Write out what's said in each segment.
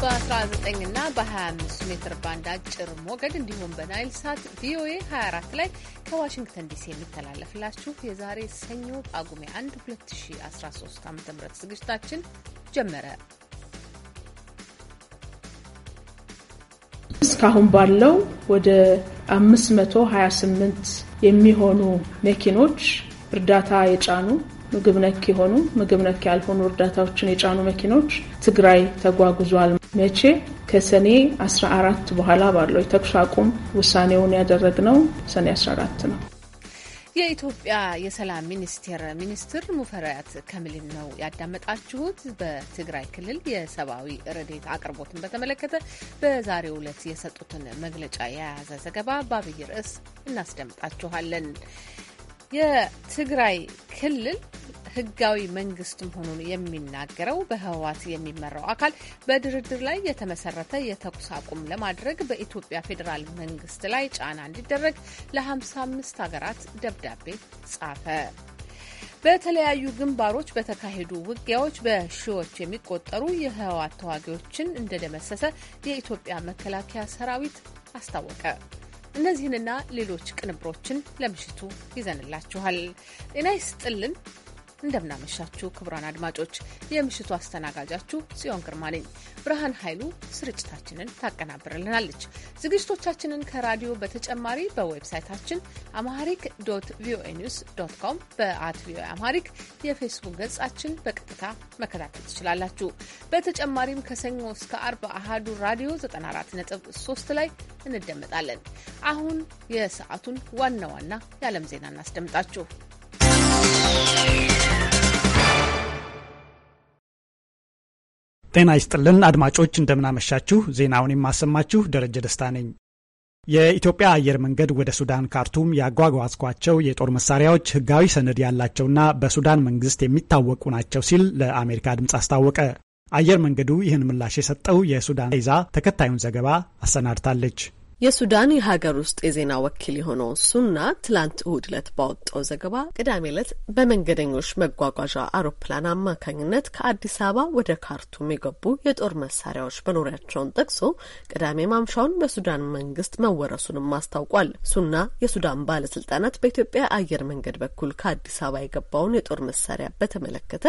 በ19 እና በ25 ሜትር ባንድ አጭር ሞገድ እንዲሁም በናይል ሳት ቪኦኤ 24 ላይ ከዋሽንግተን ዲሲ የሚተላለፍላችሁ የዛሬ ሰኞ ጳጉሜ 1 2013 ዓ ም ዝግጅታችን ጀመረ። እስካሁን ባለው ወደ 528 የሚሆኑ መኪኖች እርዳታ የጫኑ ምግብ ነክ የሆኑ ምግብ ነክ ያልሆኑ እርዳታዎችን የጫኑ መኪኖች ትግራይ ተጓጉዟል። መቼ ከሰኔ 14 በኋላ ባለው የተኩስ አቁም ውሳኔውን ያደረግነው ሰኔ 14 ነው። የኢትዮጵያ የሰላም ሚኒስቴር ሚኒስትር ሙፈሪያት ካሚልን ነው ያዳመጣችሁት። በትግራይ ክልል የሰብአዊ ረዴት አቅርቦትን በተመለከተ በዛሬው ዕለት የሰጡትን መግለጫ የያዘ ዘገባ በአብይ ርዕስ እናስደምጣችኋለን። የትግራይ ክልል ህጋዊ መንግስት መሆኑን የሚናገረው በህወሓት የሚመራው አካል በድርድር ላይ የተመሰረተ የተኩስ አቁም ለማድረግ በኢትዮጵያ ፌዴራል መንግስት ላይ ጫና እንዲደረግ ለ55 ሀገራት ደብዳቤ ጻፈ። በተለያዩ ግንባሮች በተካሄዱ ውጊያዎች በሺዎች የሚቆጠሩ የህወሓት ተዋጊዎችን እንደደመሰሰ የኢትዮጵያ መከላከያ ሰራዊት አስታወቀ። እነዚህንና ሌሎች ቅንብሮችን ለምሽቱ ይዘንላችኋል። ጤና ይስጥልን። እንደምናመሻችሁ ክቡራን አድማጮች፣ የምሽቱ አስተናጋጃችሁ ጽዮን ግርማ ነኝ። ብርሃን ኃይሉ ስርጭታችንን ታቀናብርልናለች። ዝግጅቶቻችንን ከራዲዮ በተጨማሪ በዌብሳይታችን አማሪክ ዶት ቪኦኤ ኒውስ ዶት ኮም፣ በአት ቪኦኤ አማሪክ የፌስቡክ ገጻችን በቀጥታ መከታተል ትችላላችሁ። በተጨማሪም ከሰኞ እስከ አርብ አሃዱ ራዲዮ 94.3 ላይ እንደመጣለን። አሁን የሰዓቱን ዋና ዋና የዓለም ዜና እናስደምጣችሁ። ጤና ይስጥልን አድማጮች፣ እንደምናመሻችሁ። ዜናውን የማሰማችሁ ደረጀ ደስታ ነኝ። የኢትዮጵያ አየር መንገድ ወደ ሱዳን ካርቱም ያጓጓዝኳቸው የጦር መሳሪያዎች ህጋዊ ሰነድ ያላቸውና በሱዳን መንግስት የሚታወቁ ናቸው ሲል ለአሜሪካ ድምፅ አስታወቀ። አየር መንገዱ ይህን ምላሽ የሰጠው የሱዳን ይዛ ተከታዩን ዘገባ አሰናድታለች። የሱዳን የሀገር ውስጥ የዜና ወኪል የሆነው ሱና ትላንት እሁድ ዕለት ባወጣው ዘገባ ቅዳሜ ዕለት በመንገደኞች መጓጓዣ አውሮፕላን አማካኝነት ከአዲስ አበባ ወደ ካርቱም የገቡ የጦር መሳሪያዎች መኖሪያቸውን ጠቅሶ ቅዳሜ ማምሻውን በሱዳን መንግስት መወረሱንም አስታውቋል። ሱና የሱዳን ባለስልጣናት በኢትዮጵያ አየር መንገድ በኩል ከአዲስ አበባ የገባውን የጦር መሳሪያ በተመለከተ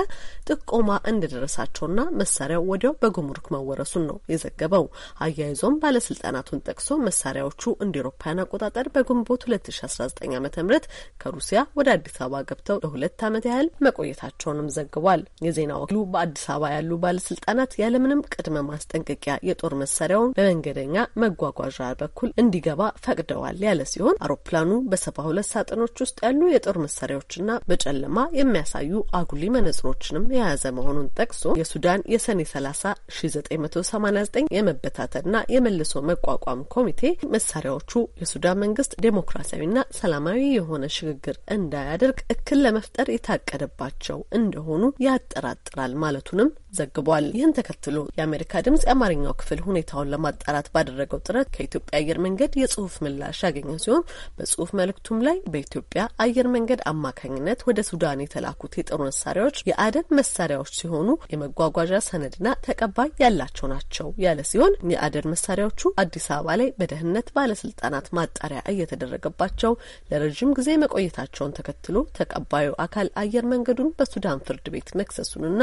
ጥቆማ እንደደረሳቸውና መሳሪያው ወዲያው በጉምሩክ መወረሱን ነው የዘገበው። አያይዞም ባለስልጣናቱን ጠቅሶ መሳሪያዎቹ እንደ ኤሮፓያን አቆጣጠር በግንቦት 2019 ዓ ም ከሩሲያ ወደ አዲስ አበባ ገብተው ለሁለት ዓመት ያህል መቆየታቸውንም ዘግቧል። የዜና ወኪሉ በአዲስ አበባ ያሉ ባለስልጣናት ያለምንም ቅድመ ማስጠንቀቂያ የጦር መሳሪያውን በመንገደኛ መጓጓዣ በኩል እንዲገባ ፈቅደዋል ያለ ሲሆን አውሮፕላኑ በሰባ ሁለት ሳጥኖች ውስጥ ያሉ የጦር መሳሪያዎችና በጨለማ የሚያሳዩ አጉሊ መነጽሮችንም የያዘ መሆኑን ጠቅሶ የሱዳን የሰኔ 30 1989 የመበታተና የመልሶ መቋቋም ኮሚቴ መሳሪያዎቹ የሱዳን መንግስት ዴሞክራሲያዊና ሰላማዊ የሆነ ሽግግር እንዳያደርግ እክል ለመፍጠር የታቀደባቸው እንደሆኑ ያጠራጥራል ማለቱንም ዘግቧል። ይህን ተከትሎ የአሜሪካ ድምጽ የአማርኛው ክፍል ሁኔታውን ለማጣራት ባደረገው ጥረት ከኢትዮጵያ አየር መንገድ የጽሁፍ ምላሽ ያገኘ ሲሆን በጽሁፍ መልእክቱም ላይ በኢትዮጵያ አየር መንገድ አማካኝነት ወደ ሱዳን የተላኩት የጦር መሳሪያዎች የአደን መሳሪያዎች ሲሆኑ የመጓጓዣ ሰነድና ተቀባይ ያላቸው ናቸው ያለ ሲሆን የአደን መሳሪያዎቹ አዲስ አበባ ላይ በደ ደህንነት ባለስልጣናት ማጣሪያ እየተደረገባቸው ለረዥም ጊዜ መቆየታቸውን ተከትሎ ተቀባዩ አካል አየር መንገዱን በሱዳን ፍርድ ቤት መክሰሱንና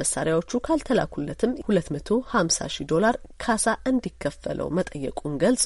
መሳሪያዎቹ ካልተላኩለትም ሁለት መቶ ሀምሳ ሺህ ዶላር ካሳ እንዲከፈለው መጠየቁን ገልጾ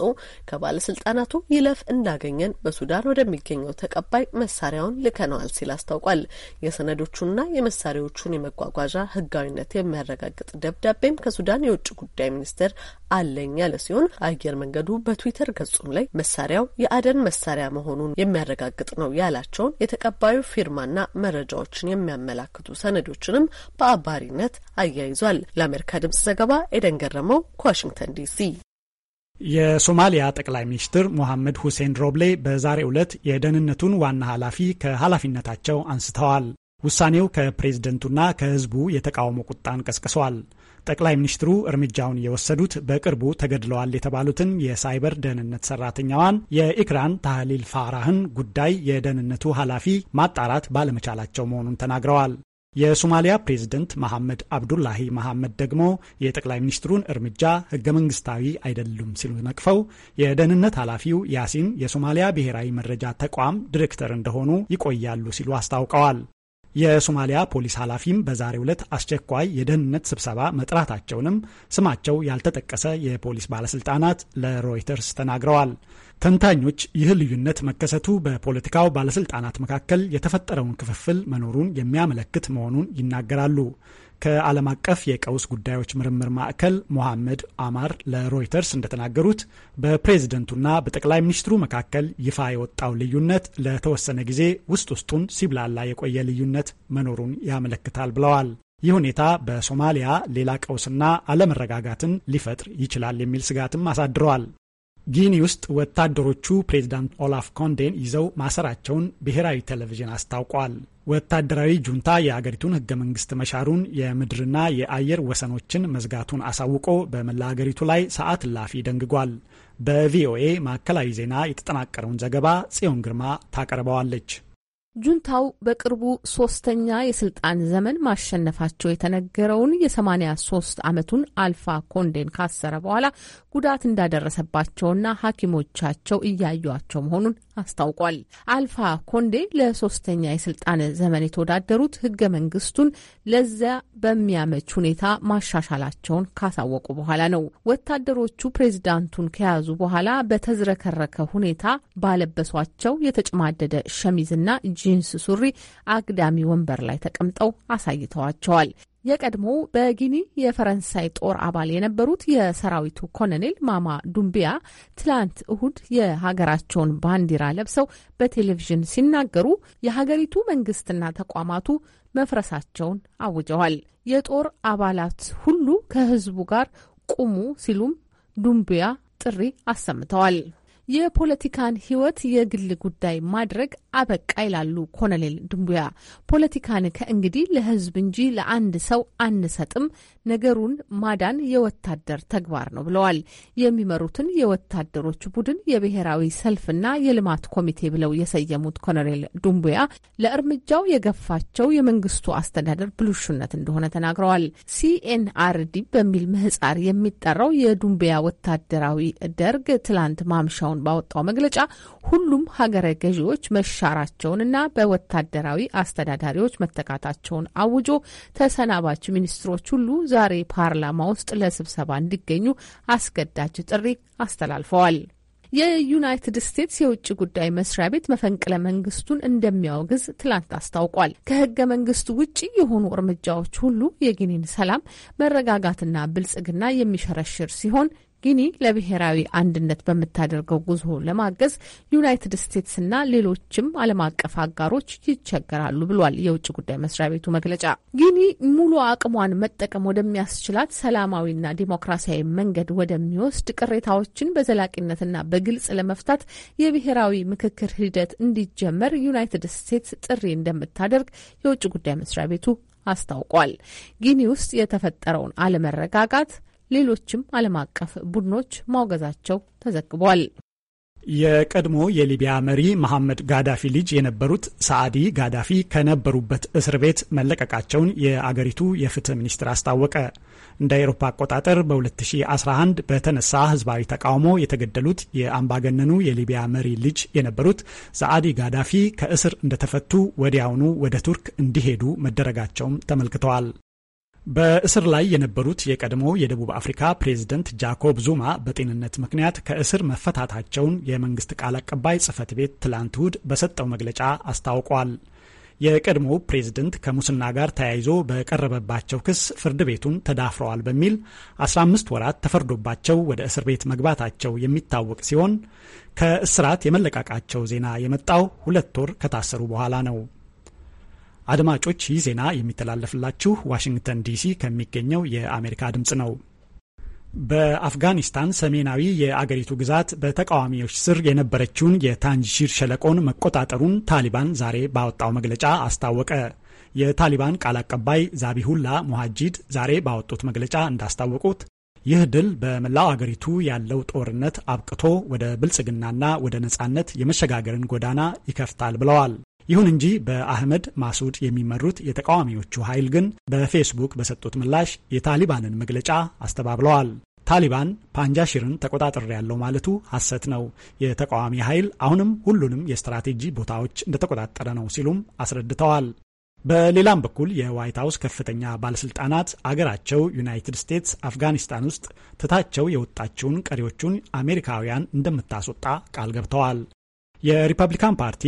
ከባለስልጣናቱ ይለፍ እንዳገኘን በሱዳን ወደሚገኘው ተቀባይ መሳሪያውን ልከነዋል ሲል አስታውቋል። የሰነዶቹንና የመሳሪያዎቹን የመጓጓዣ ህጋዊነት የሚያረጋግጥ ደብዳቤም ከሱዳን የውጭ ጉዳይ ሚኒስቴር አለኝ ያለ ሲሆን አየር መንገዱ በትዊተር ገጹም ላይ መሳሪያው የአደን መሳሪያ መሆኑን የሚያረጋግጥ ነው ያላቸውን የተቀባዩ ፊርማና መረጃዎችን የሚያመላክቱ ሰነዶችንም በአባሪነት አያይዟል። ለአሜሪካ ድምጽ ዘገባ ኤደን ገረመው ከዋሽንግተን ዲሲ። የሶማሊያ ጠቅላይ ሚኒስትር ሞሐመድ ሁሴን ሮብሌ በዛሬ ዕለት የደህንነቱን ዋና ኃላፊ ከኃላፊነታቸው አንስተዋል። ውሳኔው ከፕሬዝደንቱና ከህዝቡ የተቃውሞ ቁጣን ቀስቅሷል። ጠቅላይ ሚኒስትሩ እርምጃውን የወሰዱት በቅርቡ ተገድለዋል የተባሉትን የሳይበር ደህንነት ሰራተኛዋን የኢክራን ታህሊል ፋራህን ጉዳይ የደህንነቱ ኃላፊ ማጣራት ባለመቻላቸው መሆኑን ተናግረዋል። የሶማሊያ ፕሬዝደንት መሐመድ አብዱላሂ መሐመድ ደግሞ የጠቅላይ ሚኒስትሩን እርምጃ ህገ መንግስታዊ አይደሉም ሲሉ ነቅፈው የደህንነት ኃላፊው ያሲን የሶማሊያ ብሔራዊ መረጃ ተቋም ዲሬክተር እንደሆኑ ይቆያሉ ሲሉ አስታውቀዋል። የሶማሊያ ፖሊስ ኃላፊም በዛሬው ዕለት አስቸኳይ የደህንነት ስብሰባ መጥራታቸውንም ስማቸው ያልተጠቀሰ የፖሊስ ባለስልጣናት ለሮይተርስ ተናግረዋል። ተንታኞች ይህ ልዩነት መከሰቱ በፖለቲካው ባለስልጣናት መካከል የተፈጠረውን ክፍፍል መኖሩን የሚያመለክት መሆኑን ይናገራሉ። ከዓለም አቀፍ የቀውስ ጉዳዮች ምርምር ማዕከል ሞሐመድ አማር ለሮይተርስ እንደተናገሩት በፕሬዝደንቱና በጠቅላይ ሚኒስትሩ መካከል ይፋ የወጣው ልዩነት ለተወሰነ ጊዜ ውስጥ ውስጡን ሲብላላ የቆየ ልዩነት መኖሩን ያመለክታል ብለዋል። ይህ ሁኔታ በሶማሊያ ሌላ ቀውስና አለመረጋጋትን ሊፈጥር ይችላል የሚል ስጋትም አሳድረዋል። ጊኒ ውስጥ ወታደሮቹ ፕሬዚዳንት ኦላፍ ኮንዴን ይዘው ማሰራቸውን ብሔራዊ ቴሌቪዥን አስታውቋል። ወታደራዊ ጁንታ የአገሪቱን ህገ መንግስት መሻሩን፣ የምድርና የአየር ወሰኖችን መዝጋቱን አሳውቆ በመላ አገሪቱ ላይ ሰዓት ላፊ ደንግጓል። በቪኦኤ ማዕከላዊ ዜና የተጠናቀረውን ዘገባ ጽዮን ግርማ ታቀርበዋለች። ጁንታው በቅርቡ ሶስተኛ የስልጣን ዘመን ማሸነፋቸው የተነገረውን የ83 ዓመቱን አልፋ ኮንዴን ካሰረ በኋላ ጉዳት እንዳደረሰባቸውና ሐኪሞቻቸው እያዩቸው መሆኑን አስታውቋል። አልፋ ኮንዴ ለሶስተኛ የስልጣን ዘመን የተወዳደሩት ህገ መንግስቱን ለዚያ በሚያመች ሁኔታ ማሻሻላቸውን ካሳወቁ በኋላ ነው። ወታደሮቹ ፕሬዚዳንቱን ከያዙ በኋላ በተዝረከረከ ሁኔታ ባለበሷቸው የተጨማደደ ሸሚዝና ጂንስ ሱሪ አግዳሚ ወንበር ላይ ተቀምጠው አሳይተዋቸዋል። የቀድሞው በጊኒ የፈረንሳይ ጦር አባል የነበሩት የሰራዊቱ ኮሎኔል ማማ ዱምቢያ ትላንት እሁድ የሀገራቸውን ባንዲራ ለብሰው በቴሌቪዥን ሲናገሩ የሀገሪቱ መንግስትና ተቋማቱ መፍረሳቸውን አውጀዋል። የጦር አባላት ሁሉ ከህዝቡ ጋር ቁሙ ሲሉም ዱምቢያ ጥሪ አሰምተዋል። የፖለቲካን ህይወት የግል ጉዳይ ማድረግ አበቃ ይላሉ ኮሎኔል ድንቡያ። ፖለቲካን ከእንግዲህ ለህዝብ እንጂ ለአንድ ሰው አንሰጥም፣ ነገሩን ማዳን የወታደር ተግባር ነው ብለዋል። የሚመሩትን የወታደሮች ቡድን የብሔራዊ ሰልፍና የልማት ኮሚቴ ብለው የሰየሙት ኮሎኔል ዱምቡያ ለእርምጃው የገፋቸው የመንግስቱ አስተዳደር ብልሹነት እንደሆነ ተናግረዋል። ሲኤንአርዲ በሚል ምህጻር የሚጠራው የዱምቡያ ወታደራዊ ደርግ ትላንት ማምሻውን ሰሞኑን ባወጣው መግለጫ ሁሉም ሀገረ ገዢዎች መሻራቸውንና በወታደራዊ አስተዳዳሪዎች መተካታቸውን አውጆ ተሰናባች ሚኒስትሮች ሁሉ ዛሬ ፓርላማ ውስጥ ለስብሰባ እንዲገኙ አስገዳጅ ጥሪ አስተላልፈዋል። የዩናይትድ ስቴትስ የውጭ ጉዳይ መስሪያ ቤት መፈንቅለ መንግስቱን እንደሚያወግዝ ትላንት አስታውቋል። ከህገ መንግስቱ ውጭ የሆኑ እርምጃዎች ሁሉ የጊኒን ሰላም መረጋጋትና ብልጽግና የሚሸረሽር ሲሆን ጊኒ ለብሔራዊ አንድነት በምታደርገው ጉዞ ለማገዝ ዩናይትድ ስቴትስና ሌሎችም ዓለም አቀፍ አጋሮች ይቸገራሉ ብሏል የውጭ ጉዳይ መስሪያ ቤቱ መግለጫ። ጊኒ ሙሉ አቅሟን መጠቀም ወደሚያስችላት ሰላማዊና ዲሞክራሲያዊ መንገድ ወደሚወስድ ቅሬታዎችን በዘላቂነትና በግልጽ ለመፍታት የብሔራዊ ምክክር ሂደት እንዲጀመር ዩናይትድ ስቴትስ ጥሪ እንደምታደርግ የውጭ ጉዳይ መስሪያ ቤቱ አስታውቋል። ጊኒ ውስጥ የተፈጠረውን አለመረጋጋት ሌሎችም ዓለም አቀፍ ቡድኖች ማውገዛቸው ተዘግቧል። የቀድሞ የሊቢያ መሪ መሐመድ ጋዳፊ ልጅ የነበሩት ሳዕዲ ጋዳፊ ከነበሩበት እስር ቤት መለቀቃቸውን የአገሪቱ የፍትህ ሚኒስትር አስታወቀ። እንደ አውሮፓ አቆጣጠር በ2011 በተነሳ ህዝባዊ ተቃውሞ የተገደሉት የአምባገነኑ የሊቢያ መሪ ልጅ የነበሩት ሳዕዲ ጋዳፊ ከእስር እንደተፈቱ ወዲያውኑ ወደ ቱርክ እንዲሄዱ መደረጋቸውም ተመልክተዋል። በእስር ላይ የነበሩት የቀድሞ የደቡብ አፍሪካ ፕሬዝደንት ጃኮብ ዙማ በጤንነት ምክንያት ከእስር መፈታታቸውን የመንግስት ቃል አቀባይ ጽህፈት ቤት ትላንት እሁድ በሰጠው መግለጫ አስታውቋል። የቀድሞው ፕሬዝደንት ከሙስና ጋር ተያይዞ በቀረበባቸው ክስ ፍርድ ቤቱን ተዳፍረዋል በሚል 15 ወራት ተፈርዶባቸው ወደ እስር ቤት መግባታቸው የሚታወቅ ሲሆን ከእስራት የመለቃቃቸው ዜና የመጣው ሁለት ወር ከታሰሩ በኋላ ነው። አድማጮች ይህ ዜና የሚተላለፍላችሁ ዋሽንግተን ዲሲ ከሚገኘው የአሜሪካ ድምፅ ነው። በአፍጋኒስታን ሰሜናዊ የአገሪቱ ግዛት በተቃዋሚዎች ስር የነበረችውን የታንጂሺር ሸለቆን መቆጣጠሩን ታሊባን ዛሬ ባወጣው መግለጫ አስታወቀ። የታሊባን ቃል አቀባይ ዛቢሁላ ሙሃጂድ ዛሬ ባወጡት መግለጫ እንዳስታወቁት ይህ ድል በመላው አገሪቱ ያለው ጦርነት አብቅቶ ወደ ብልጽግናና ወደ ነጻነት የመሸጋገርን ጎዳና ይከፍታል ብለዋል። ይሁን እንጂ በአህመድ ማሱድ የሚመሩት የተቃዋሚዎቹ ኃይል ግን በፌስቡክ በሰጡት ምላሽ የታሊባንን መግለጫ አስተባብለዋል። ታሊባን ፓንጃሽርን ተቆጣጠር ያለው ማለቱ ሐሰት ነው፣ የተቃዋሚ ኃይል አሁንም ሁሉንም የስትራቴጂ ቦታዎች እንደተቆጣጠረ ነው ሲሉም አስረድተዋል። በሌላም በኩል የዋይት ሀውስ ከፍተኛ ባለስልጣናት አገራቸው ዩናይትድ ስቴትስ አፍጋኒስታን ውስጥ ትታቸው የወጣችውን ቀሪዎቹን አሜሪካውያን እንደምታስወጣ ቃል ገብተዋል። የሪፐብሊካን ፓርቲ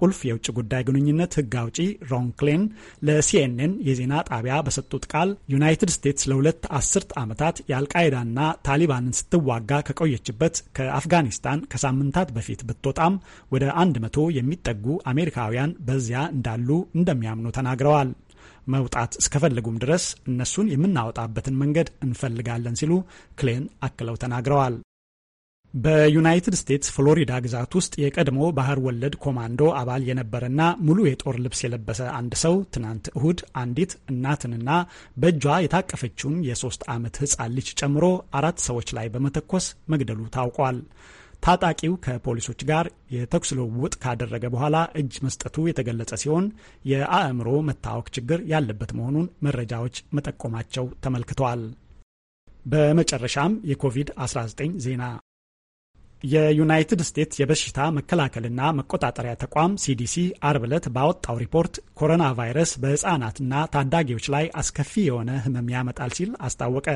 ቁልፍ የውጭ ጉዳይ ግንኙነት ህግ አውጪ ሮን ክሌን ለሲኤንኤን የዜና ጣቢያ በሰጡት ቃል ዩናይትድ ስቴትስ ለሁለት አስርት ዓመታት የአልቃይዳና ታሊባንን ስትዋጋ ከቆየችበት ከአፍጋኒስታን ከሳምንታት በፊት ብትወጣም ወደ አንድ መቶ የሚጠጉ አሜሪካውያን በዚያ እንዳሉ እንደሚያምኑ ተናግረዋል። መውጣት እስከፈለጉም ድረስ እነሱን የምናወጣበትን መንገድ እንፈልጋለን ሲሉ ክሌን አክለው ተናግረዋል። በዩናይትድ ስቴትስ ፍሎሪዳ ግዛት ውስጥ የቀድሞ ባህር ወለድ ኮማንዶ አባል የነበረና ሙሉ የጦር ልብስ የለበሰ አንድ ሰው ትናንት እሁድ አንዲት እናትንና በእጇ የታቀፈችውን የሶስት ዓመት ህፃን ልጅ ጨምሮ አራት ሰዎች ላይ በመተኮስ መግደሉ ታውቋል። ታጣቂው ከፖሊሶች ጋር የተኩስ ልውውጥ ካደረገ በኋላ እጅ መስጠቱ የተገለጸ ሲሆን የአእምሮ መታወክ ችግር ያለበት መሆኑን መረጃዎች መጠቆማቸው ተመልክተዋል። በመጨረሻም የኮቪድ-19 ዜና የዩናይትድ ስቴትስ የበሽታ መከላከልና መቆጣጠሪያ ተቋም ሲዲሲ አርብ ዕለት ባወጣው ሪፖርት ኮሮና ቫይረስ በሕፃናትና ታዳጊዎች ላይ አስከፊ የሆነ ህመም ያመጣል ሲል አስታወቀ።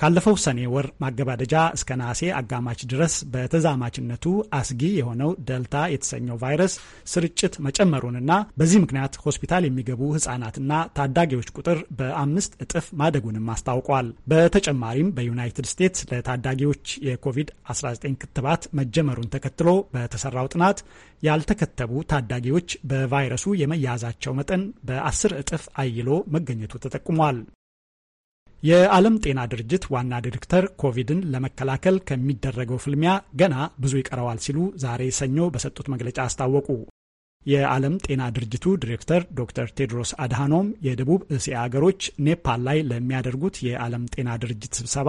ካለፈው ሰኔ ወር ማገባደጃ እስከ ነሐሴ አጋማች ድረስ በተዛማችነቱ አስጊ የሆነው ደልታ የተሰኘው ቫይረስ ስርጭት መጨመሩንና በዚህ ምክንያት ሆስፒታል የሚገቡ ህጻናትና ታዳጊዎች ቁጥር በአምስት እጥፍ ማደጉንም አስታውቋል። በተጨማሪም በዩናይትድ ስቴትስ ለታዳጊዎች የኮቪድ-19 ክትባት መጀመሩን ተከትሎ በተሰራው ጥናት ያልተከተቡ ታዳጊዎች በቫይረሱ የመያዛቸው መጠን በአስር እጥፍ አይሎ መገኘቱ ተጠቁሟል። የዓለም ጤና ድርጅት ዋና ዲሬክተር ኮቪድን ለመከላከል ከሚደረገው ፍልሚያ ገና ብዙ ይቀረዋል ሲሉ ዛሬ ሰኞ በሰጡት መግለጫ አስታወቁ። የዓለም ጤና ድርጅቱ ዲሬክተር ዶክተር ቴድሮስ አድሃኖም የደቡብ እስያ አገሮች ኔፓል ላይ ለሚያደርጉት የዓለም ጤና ድርጅት ስብሰባ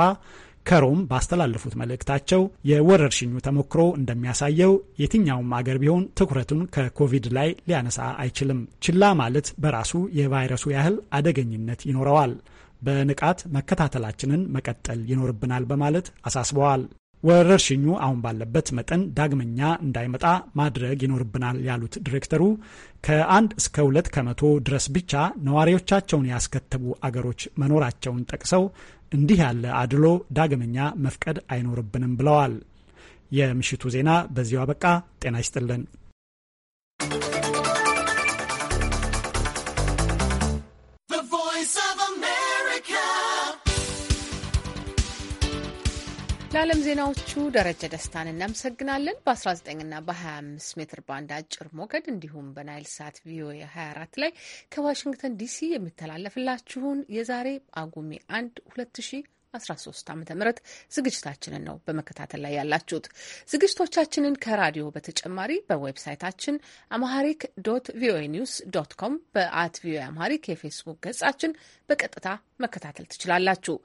ከሮም ባስተላለፉት መልእክታቸው የወረርሽኙ ተሞክሮ እንደሚያሳየው የትኛውም አገር ቢሆን ትኩረቱን ከኮቪድ ላይ ሊያነሳ አይችልም። ችላ ማለት በራሱ የቫይረሱ ያህል አደገኝነት ይኖረዋል። በንቃት መከታተላችንን መቀጠል ይኖርብናል በማለት አሳስበዋል። ወረርሽኙ አሁን ባለበት መጠን ዳግመኛ እንዳይመጣ ማድረግ ይኖርብናል ያሉት ዲሬክተሩ ከአንድ እስከ ሁለት ከመቶ ድረስ ብቻ ነዋሪዎቻቸውን ያስከተቡ አገሮች መኖራቸውን ጠቅሰው እንዲህ ያለ አድሎ ዳግመኛ መፍቀድ አይኖርብንም ብለዋል። የምሽቱ ዜና በዚሁ አበቃ። ጤና ይስጥልን። ለዓለም ዜናዎቹ ደረጀ ደስታን እናመሰግናለን። በ19ና በ25 ሜትር ባንድ አጭር ሞገድ እንዲሁም በናይል ሳት ቪኦኤ 24 ላይ ከዋሽንግተን ዲሲ የሚተላለፍላችሁን የዛሬ ጳጉሜ 1 2000 2013 ዓ ም ዝግጅታችንን ነው በመከታተል ላይ ያላችሁት። ዝግጅቶቻችንን ከራዲዮ በተጨማሪ በዌብሳይታችን አማሃሪክ ዶት ቪኦኤ ኒውስ ዶት ኮም፣ በአት ቪኦኤ አማሐሪክ የፌስቡክ ገጻችን በቀጥታ መከታተል ትችላላችሁ።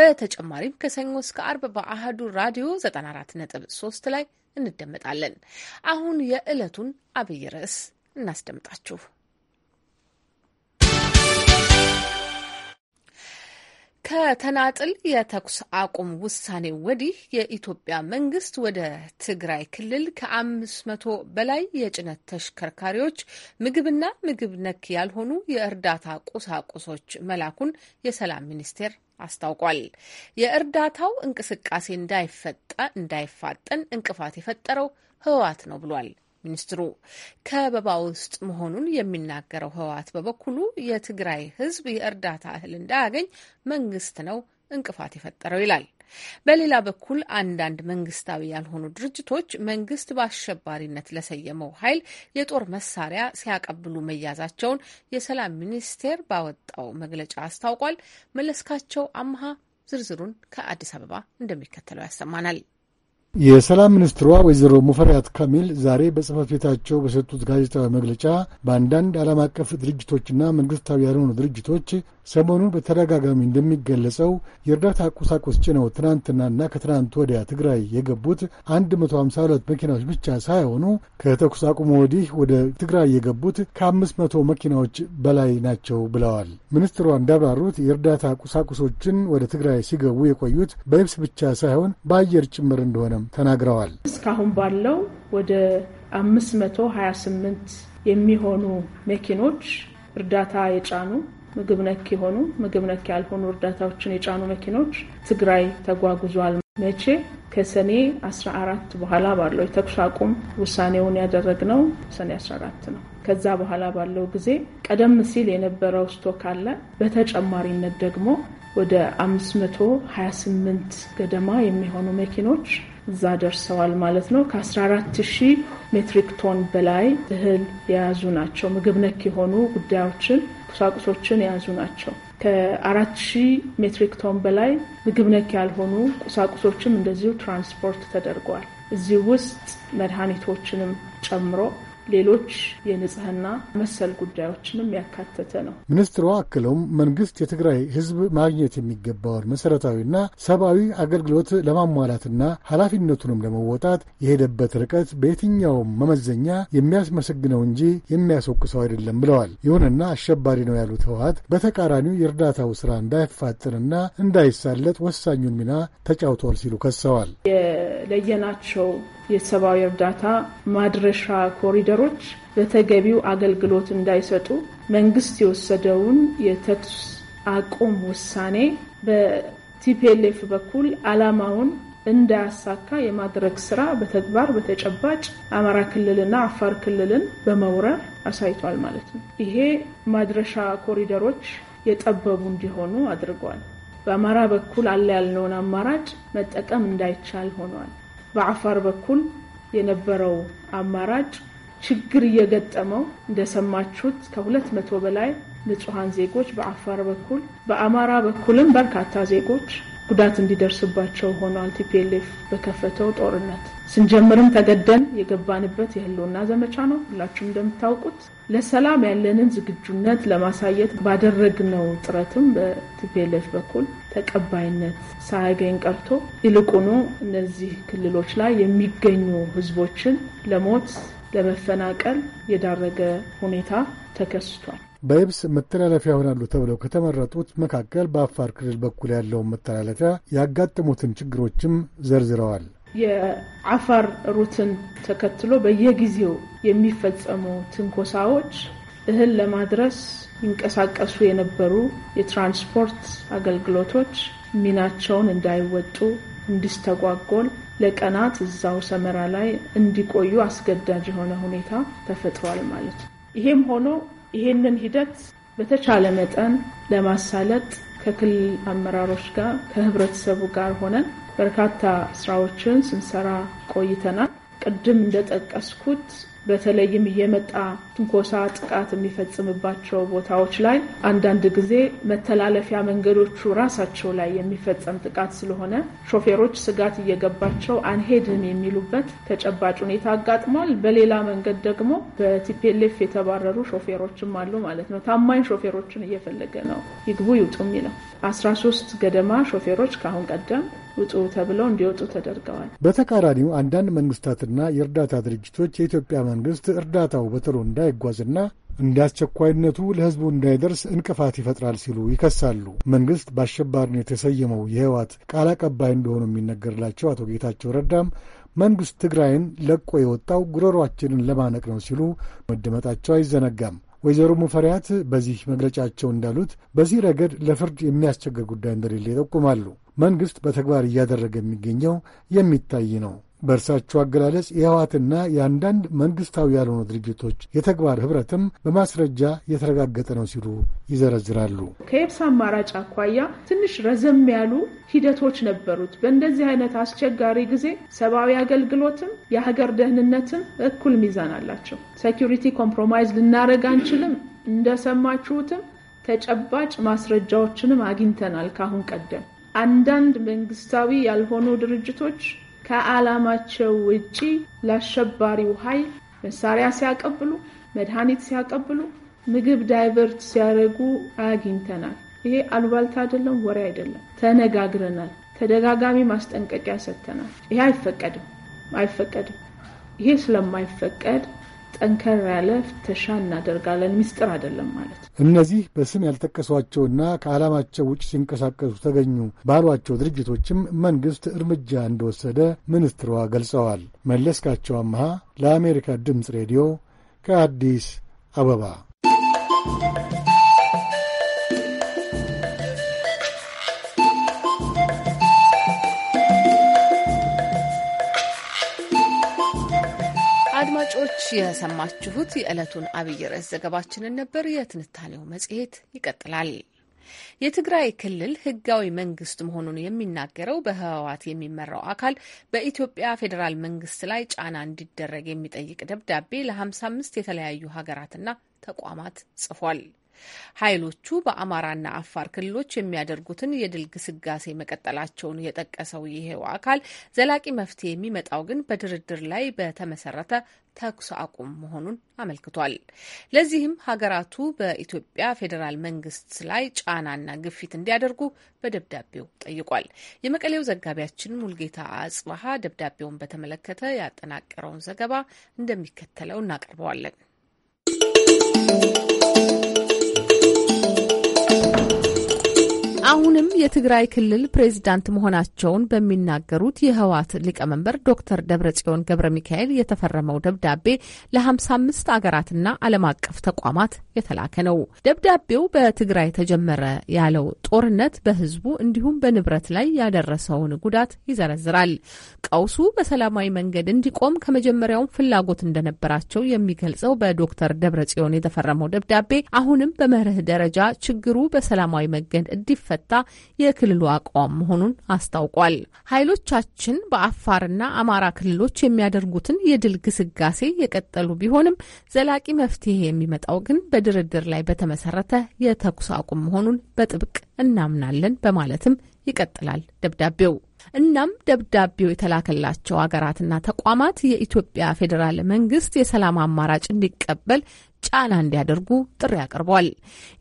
በተጨማሪም ከሰኞ እስከ አርብ በአህዱ ራዲዮ 94.3 ላይ እንደመጣለን። አሁን የዕለቱን አብይ ርዕስ እናስደምጣችሁ። ከተናጥል የተኩስ አቁም ውሳኔ ወዲህ የኢትዮጵያ መንግስት ወደ ትግራይ ክልል ከአምስት መቶ በላይ የጭነት ተሽከርካሪዎች ምግብና ምግብ ነክ ያልሆኑ የእርዳታ ቁሳቁሶች መላኩን የሰላም ሚኒስቴር አስታውቋል። የእርዳታው እንቅስቃሴ እንዳይፈጣ እንዳይፋጠን እንቅፋት የፈጠረው ህወሓት ነው ብሏል። ሚኒስትሩ ከበባ ውስጥ መሆኑን የሚናገረው ህወሓት በበኩሉ የትግራይ ህዝብ የእርዳታ እህል እንዳያገኝ መንግስት ነው እንቅፋት የፈጠረው ይላል። በሌላ በኩል አንዳንድ መንግስታዊ ያልሆኑ ድርጅቶች መንግስት በአሸባሪነት ለሰየመው ኃይል የጦር መሳሪያ ሲያቀብሉ መያዛቸውን የሰላም ሚኒስቴር ባወጣው መግለጫ አስታውቋል። መለስካቸው አምሃ ዝርዝሩን ከአዲስ አበባ እንደሚከተለው ያሰማናል። የሰላም ሚኒስትሯ ወይዘሮ ሙፈሪያት ካሚል ዛሬ በጽህፈት ቤታቸው በሰጡት ጋዜጣዊ መግለጫ በአንዳንድ ዓለም አቀፍ ድርጅቶችና መንግሥታዊ ያልሆኑ ድርጅቶች ሰሞኑን በተደጋጋሚ እንደሚገለጸው የእርዳታ ቁሳቁስ ጭነው ትናንትናና ከትናንት ወዲያ ትግራይ የገቡት 152 መኪናዎች ብቻ ሳይሆኑ ከተኩስ አቁሞ ወዲህ ወደ ትግራይ የገቡት ከ500 መኪናዎች በላይ ናቸው ብለዋል። ሚኒስትሯ እንዳብራሩት የእርዳታ ቁሳቁሶችን ወደ ትግራይ ሲገቡ የቆዩት በየብስ ብቻ ሳይሆን በአየር ጭምር እንደሆነ ተናግረዋል። እስካሁን ባለው ወደ 528 የሚሆኑ መኪኖች እርዳታ የጫኑ ምግብ ነክ የሆኑ ምግብ ነክ ያልሆኑ እርዳታዎችን የጫኑ መኪኖች ትግራይ ተጓጉዟል። መቼ ከሰኔ 14 በኋላ ባለው የተኩስ አቁም ውሳኔውን ያደረግነው ሰኔ 14 ነው። ከዛ በኋላ ባለው ጊዜ ቀደም ሲል የነበረው ስቶክ አለ። በተጨማሪነት ደግሞ ወደ 528 ገደማ የሚሆኑ መኪኖች እዛ ደርሰዋል ማለት ነው። ከ14 ሺህ ሜትሪክ ቶን በላይ እህል የያዙ ናቸው። ምግብ ነክ የሆኑ ጉዳዮችን፣ ቁሳቁሶችን የያዙ ናቸው። ከአራት ሺህ ሜትሪክ ቶን በላይ ምግብ ነክ ያልሆኑ ቁሳቁሶችም እንደዚሁ ትራንስፖርት ተደርገዋል። እዚህ ውስጥ መድኃኒቶችንም ጨምሮ ሌሎች የንጽህና መሰል ጉዳዮችንም ያካተተ ነው። ሚኒስትሯ አክለውም መንግስት የትግራይ ህዝብ ማግኘት የሚገባውን መሰረታዊና ሰብአዊ አገልግሎት ለማሟላትና ኃላፊነቱንም ለመወጣት የሄደበት ርቀት በየትኛውም መመዘኛ የሚያስመሰግነው እንጂ የሚያስወቅሰው አይደለም ብለዋል። ይሁንና አሸባሪ ነው ያሉት ህወሀት በተቃራኒው የእርዳታው ስራ እንዳይፋጥንና እንዳይሳለጥ ወሳኙን ሚና ተጫውቷል ሲሉ ከሰዋል። የለየናቸው የሰብአዊ እርዳታ ማድረሻ ኮሪደሮች በተገቢው አገልግሎት እንዳይሰጡ መንግስት የወሰደውን የተኩስ አቁም ውሳኔ በቲፒኤልኤፍ በኩል አላማውን እንዳያሳካ የማድረግ ስራ በተግባር በተጨባጭ አማራ ክልልና አፋር ክልልን በመውረር አሳይቷል ማለት ነው። ይሄ ማድረሻ ኮሪደሮች የጠበቡ እንዲሆኑ አድርጓል። በአማራ በኩል አለ ያልነውን አማራጭ መጠቀም እንዳይቻል ሆኗል። በአፋር በኩል የነበረው አማራጭ ችግር እየገጠመው እንደሰማችሁት ከሁለት መቶ በላይ ንጹሐን ዜጎች በአፋር በኩል በአማራ በኩልም በርካታ ዜጎች ጉዳት እንዲደርስባቸው ሆኗል። ቲፒኤልኤፍ በከፈተው ጦርነት ስንጀምርም ተገደን የገባንበት የህልውና ዘመቻ ነው። ሁላችሁም እንደምታውቁት ለሰላም ያለንን ዝግጁነት ለማሳየት ባደረግነው ጥረትም በቲፒኤልኤፍ በኩል ተቀባይነት ሳያገኝ ቀርቶ ይልቁኑ እነዚህ ክልሎች ላይ የሚገኙ ህዝቦችን ለሞት፣ ለመፈናቀል የዳረገ ሁኔታ ተከስቷል። በየብስ መተላለፊያ ይሆናሉ ተብለው ከተመረጡት መካከል በአፋር ክልል በኩል ያለውን መተላለፊያ ያጋጠሙትን ችግሮችም ዘርዝረዋል። የአፋር ሩትን ተከትሎ በየጊዜው የሚፈጸሙ ትንኮሳዎች እህል ለማድረስ ይንቀሳቀሱ የነበሩ የትራንስፖርት አገልግሎቶች ሚናቸውን እንዳይወጡ እንዲስተጓጎል ለቀናት እዛው ሰመራ ላይ እንዲቆዩ አስገዳጅ የሆነ ሁኔታ ተፈጥሯል ማለት ነው። ይሄም ሆኖ ይህንን ሂደት በተቻለ መጠን ለማሳለጥ ከክልል አመራሮች ጋር ከህብረተሰቡ ጋር ሆነን በርካታ ስራዎችን ስንሰራ ቆይተናል። ቅድም እንደጠቀስኩት በተለይም እየመጣ ትንኮሳ፣ ጥቃት የሚፈጽምባቸው ቦታዎች ላይ አንዳንድ ጊዜ መተላለፊያ መንገዶቹ ራሳቸው ላይ የሚፈጸም ጥቃት ስለሆነ ሾፌሮች ስጋት እየገባቸው አንሄድም የሚሉበት ተጨባጭ ሁኔታ አጋጥሟል። በሌላ መንገድ ደግሞ በቲፔሌፍ የተባረሩ ሾፌሮችም አሉ ማለት ነው። ታማኝ ሾፌሮችን እየፈለገ ነው ይግቡ ይውጡ የሚለው አስራ ሶስት ገደማ ሾፌሮች ከአሁን ቀደም ውጡ ተብለው እንዲወጡ ተደርገዋል። በተቃራኒው አንዳንድ መንግስታትና የእርዳታ ድርጅቶች የኢትዮጵያ መንግስት እርዳታው በቶሎ እንዳይጓዝና እንደ አስቸኳይነቱ እንዳይደርስ እንቅፋት ይፈጥራል ሲሉ ይከሳሉ። መንግስት በአሸባሪነት የተሰየመው የህወሓት ቃል አቀባይ እንደሆኑ የሚነገርላቸው አቶ ጌታቸው ረዳም መንግስት ትግራይን ለቆ የወጣው ጉሮሯችንን ለማነቅ ነው ሲሉ መደመጣቸው አይዘነጋም። ወይዘሮ ሙፈሪያት በዚህ መግለጫቸው እንዳሉት በዚህ ረገድ ለፍርድ የሚያስቸግር ጉዳይ እንደሌለ ይጠቁማሉ። መንግሥት በተግባር እያደረገ የሚገኘው የሚታይ ነው። በእርሳቸው አገላለጽ የህዋትና የአንዳንድ መንግሥታዊ ያልሆኑ ድርጅቶች የተግባር ኅብረትም በማስረጃ የተረጋገጠ ነው ሲሉ ይዘረዝራሉ። ከየብስ አማራጭ አኳያ ትንሽ ረዘም ያሉ ሂደቶች ነበሩት። በእንደዚህ አይነት አስቸጋሪ ጊዜ ሰብአዊ አገልግሎትም የሀገር ደህንነትም እኩል ሚዛን አላቸው። ሴኪሪቲ ኮምፕሮማይዝ ልናደርግ አንችልም። እንደሰማችሁትም ተጨባጭ ማስረጃዎችንም አግኝተናል ካሁን ቀደም አንዳንድ መንግስታዊ ያልሆኑ ድርጅቶች ከዓላማቸው ውጪ ለአሸባሪው ኃይል መሳሪያ ሲያቀብሉ፣ መድኃኒት ሲያቀብሉ፣ ምግብ ዳይቨርት ሲያደርጉ አግኝተናል። ይሄ አሉባልታ አይደለም፣ ወሬ አይደለም። ተነጋግረናል። ተደጋጋሚ ማስጠንቀቂያ ሰጥተናል። ይሄ አይፈቀድም አይፈቀድም። ይሄ ስለማይፈቀድ ጠንከር ያለ ፍተሻ እናደርጋለን። ሚስጥር አይደለም ማለት ነው። እነዚህ በስም ያልጠቀሷቸውና ከዓላማቸው ውጭ ሲንቀሳቀሱ ተገኙ ባሏቸው ድርጅቶችም መንግስት እርምጃ እንደወሰደ ሚኒስትሯ ገልጸዋል። መለስካቸው አምሃ ለአሜሪካ ድምፅ ሬዲዮ ከአዲስ አበባ አድማጮች የሰማችሁት የዕለቱን አብይ ርዕስ ዘገባችንን ነበር። የትንታኔው መጽሔት ይቀጥላል። የትግራይ ክልል ህጋዊ መንግስት መሆኑን የሚናገረው በህወሓት የሚመራው አካል በኢትዮጵያ ፌዴራል መንግስት ላይ ጫና እንዲደረግ የሚጠይቅ ደብዳቤ ለ55 የተለያዩ ሀገራትና ተቋማት ጽፏል። ኃይሎቹ በአማራና አፋር ክልሎች የሚያደርጉትን የድል ግስጋሴ መቀጠላቸውን የጠቀሰው ይሄው አካል ዘላቂ መፍትሄ የሚመጣው ግን በድርድር ላይ በተመሰረተ ተኩስ አቁም መሆኑን አመልክቷል። ለዚህም ሀገራቱ በኢትዮጵያ ፌዴራል መንግስት ላይ ጫናና ግፊት እንዲያደርጉ በደብዳቤው ጠይቋል። የመቀሌው ዘጋቢያችን ሙልጌታ አጽባሀ ደብዳቤውን በተመለከተ ያጠናቀረውን ዘገባ እንደሚከተለው እናቀርበዋለን። አሁንም የትግራይ ክልል ፕሬዚዳንት መሆናቸውን በሚናገሩት የህወሓት ሊቀመንበር ዶክተር ደብረጽዮን ገብረ ሚካኤል የተፈረመው ደብዳቤ ለ55 አገራትና ዓለም አቀፍ ተቋማት የተላከ ነው። ደብዳቤው በትግራይ ተጀመረ ያለው ጦርነት በህዝቡ እንዲሁም በንብረት ላይ ያደረሰውን ጉዳት ይዘረዝራል። ቀውሱ በሰላማዊ መንገድ እንዲቆም ከመጀመሪያውም ፍላጎት እንደነበራቸው የሚገልጸው በዶክተር ደብረጽዮን የተፈረመው ደብዳቤ አሁንም በመርህ ደረጃ ችግሩ በሰላማዊ መንገድ እንዲፈ እንዲፈታ የክልሉ አቋም መሆኑን አስታውቋል። ኃይሎቻችን በአፋርና አማራ ክልሎች የሚያደርጉትን የድል ግስጋሴ የቀጠሉ ቢሆንም ዘላቂ መፍትሄ የሚመጣው ግን በድርድር ላይ በተመሰረተ የተኩስ አቁም መሆኑን በጥብቅ እናምናለን በማለትም ይቀጥላል ደብዳቤው። እናም ደብዳቤው የተላከላቸው ሀገራትና ተቋማት የኢትዮጵያ ፌዴራል መንግስት የሰላም አማራጭ እንዲቀበል ጫና እንዲያደርጉ ጥሪ አቅርቧል።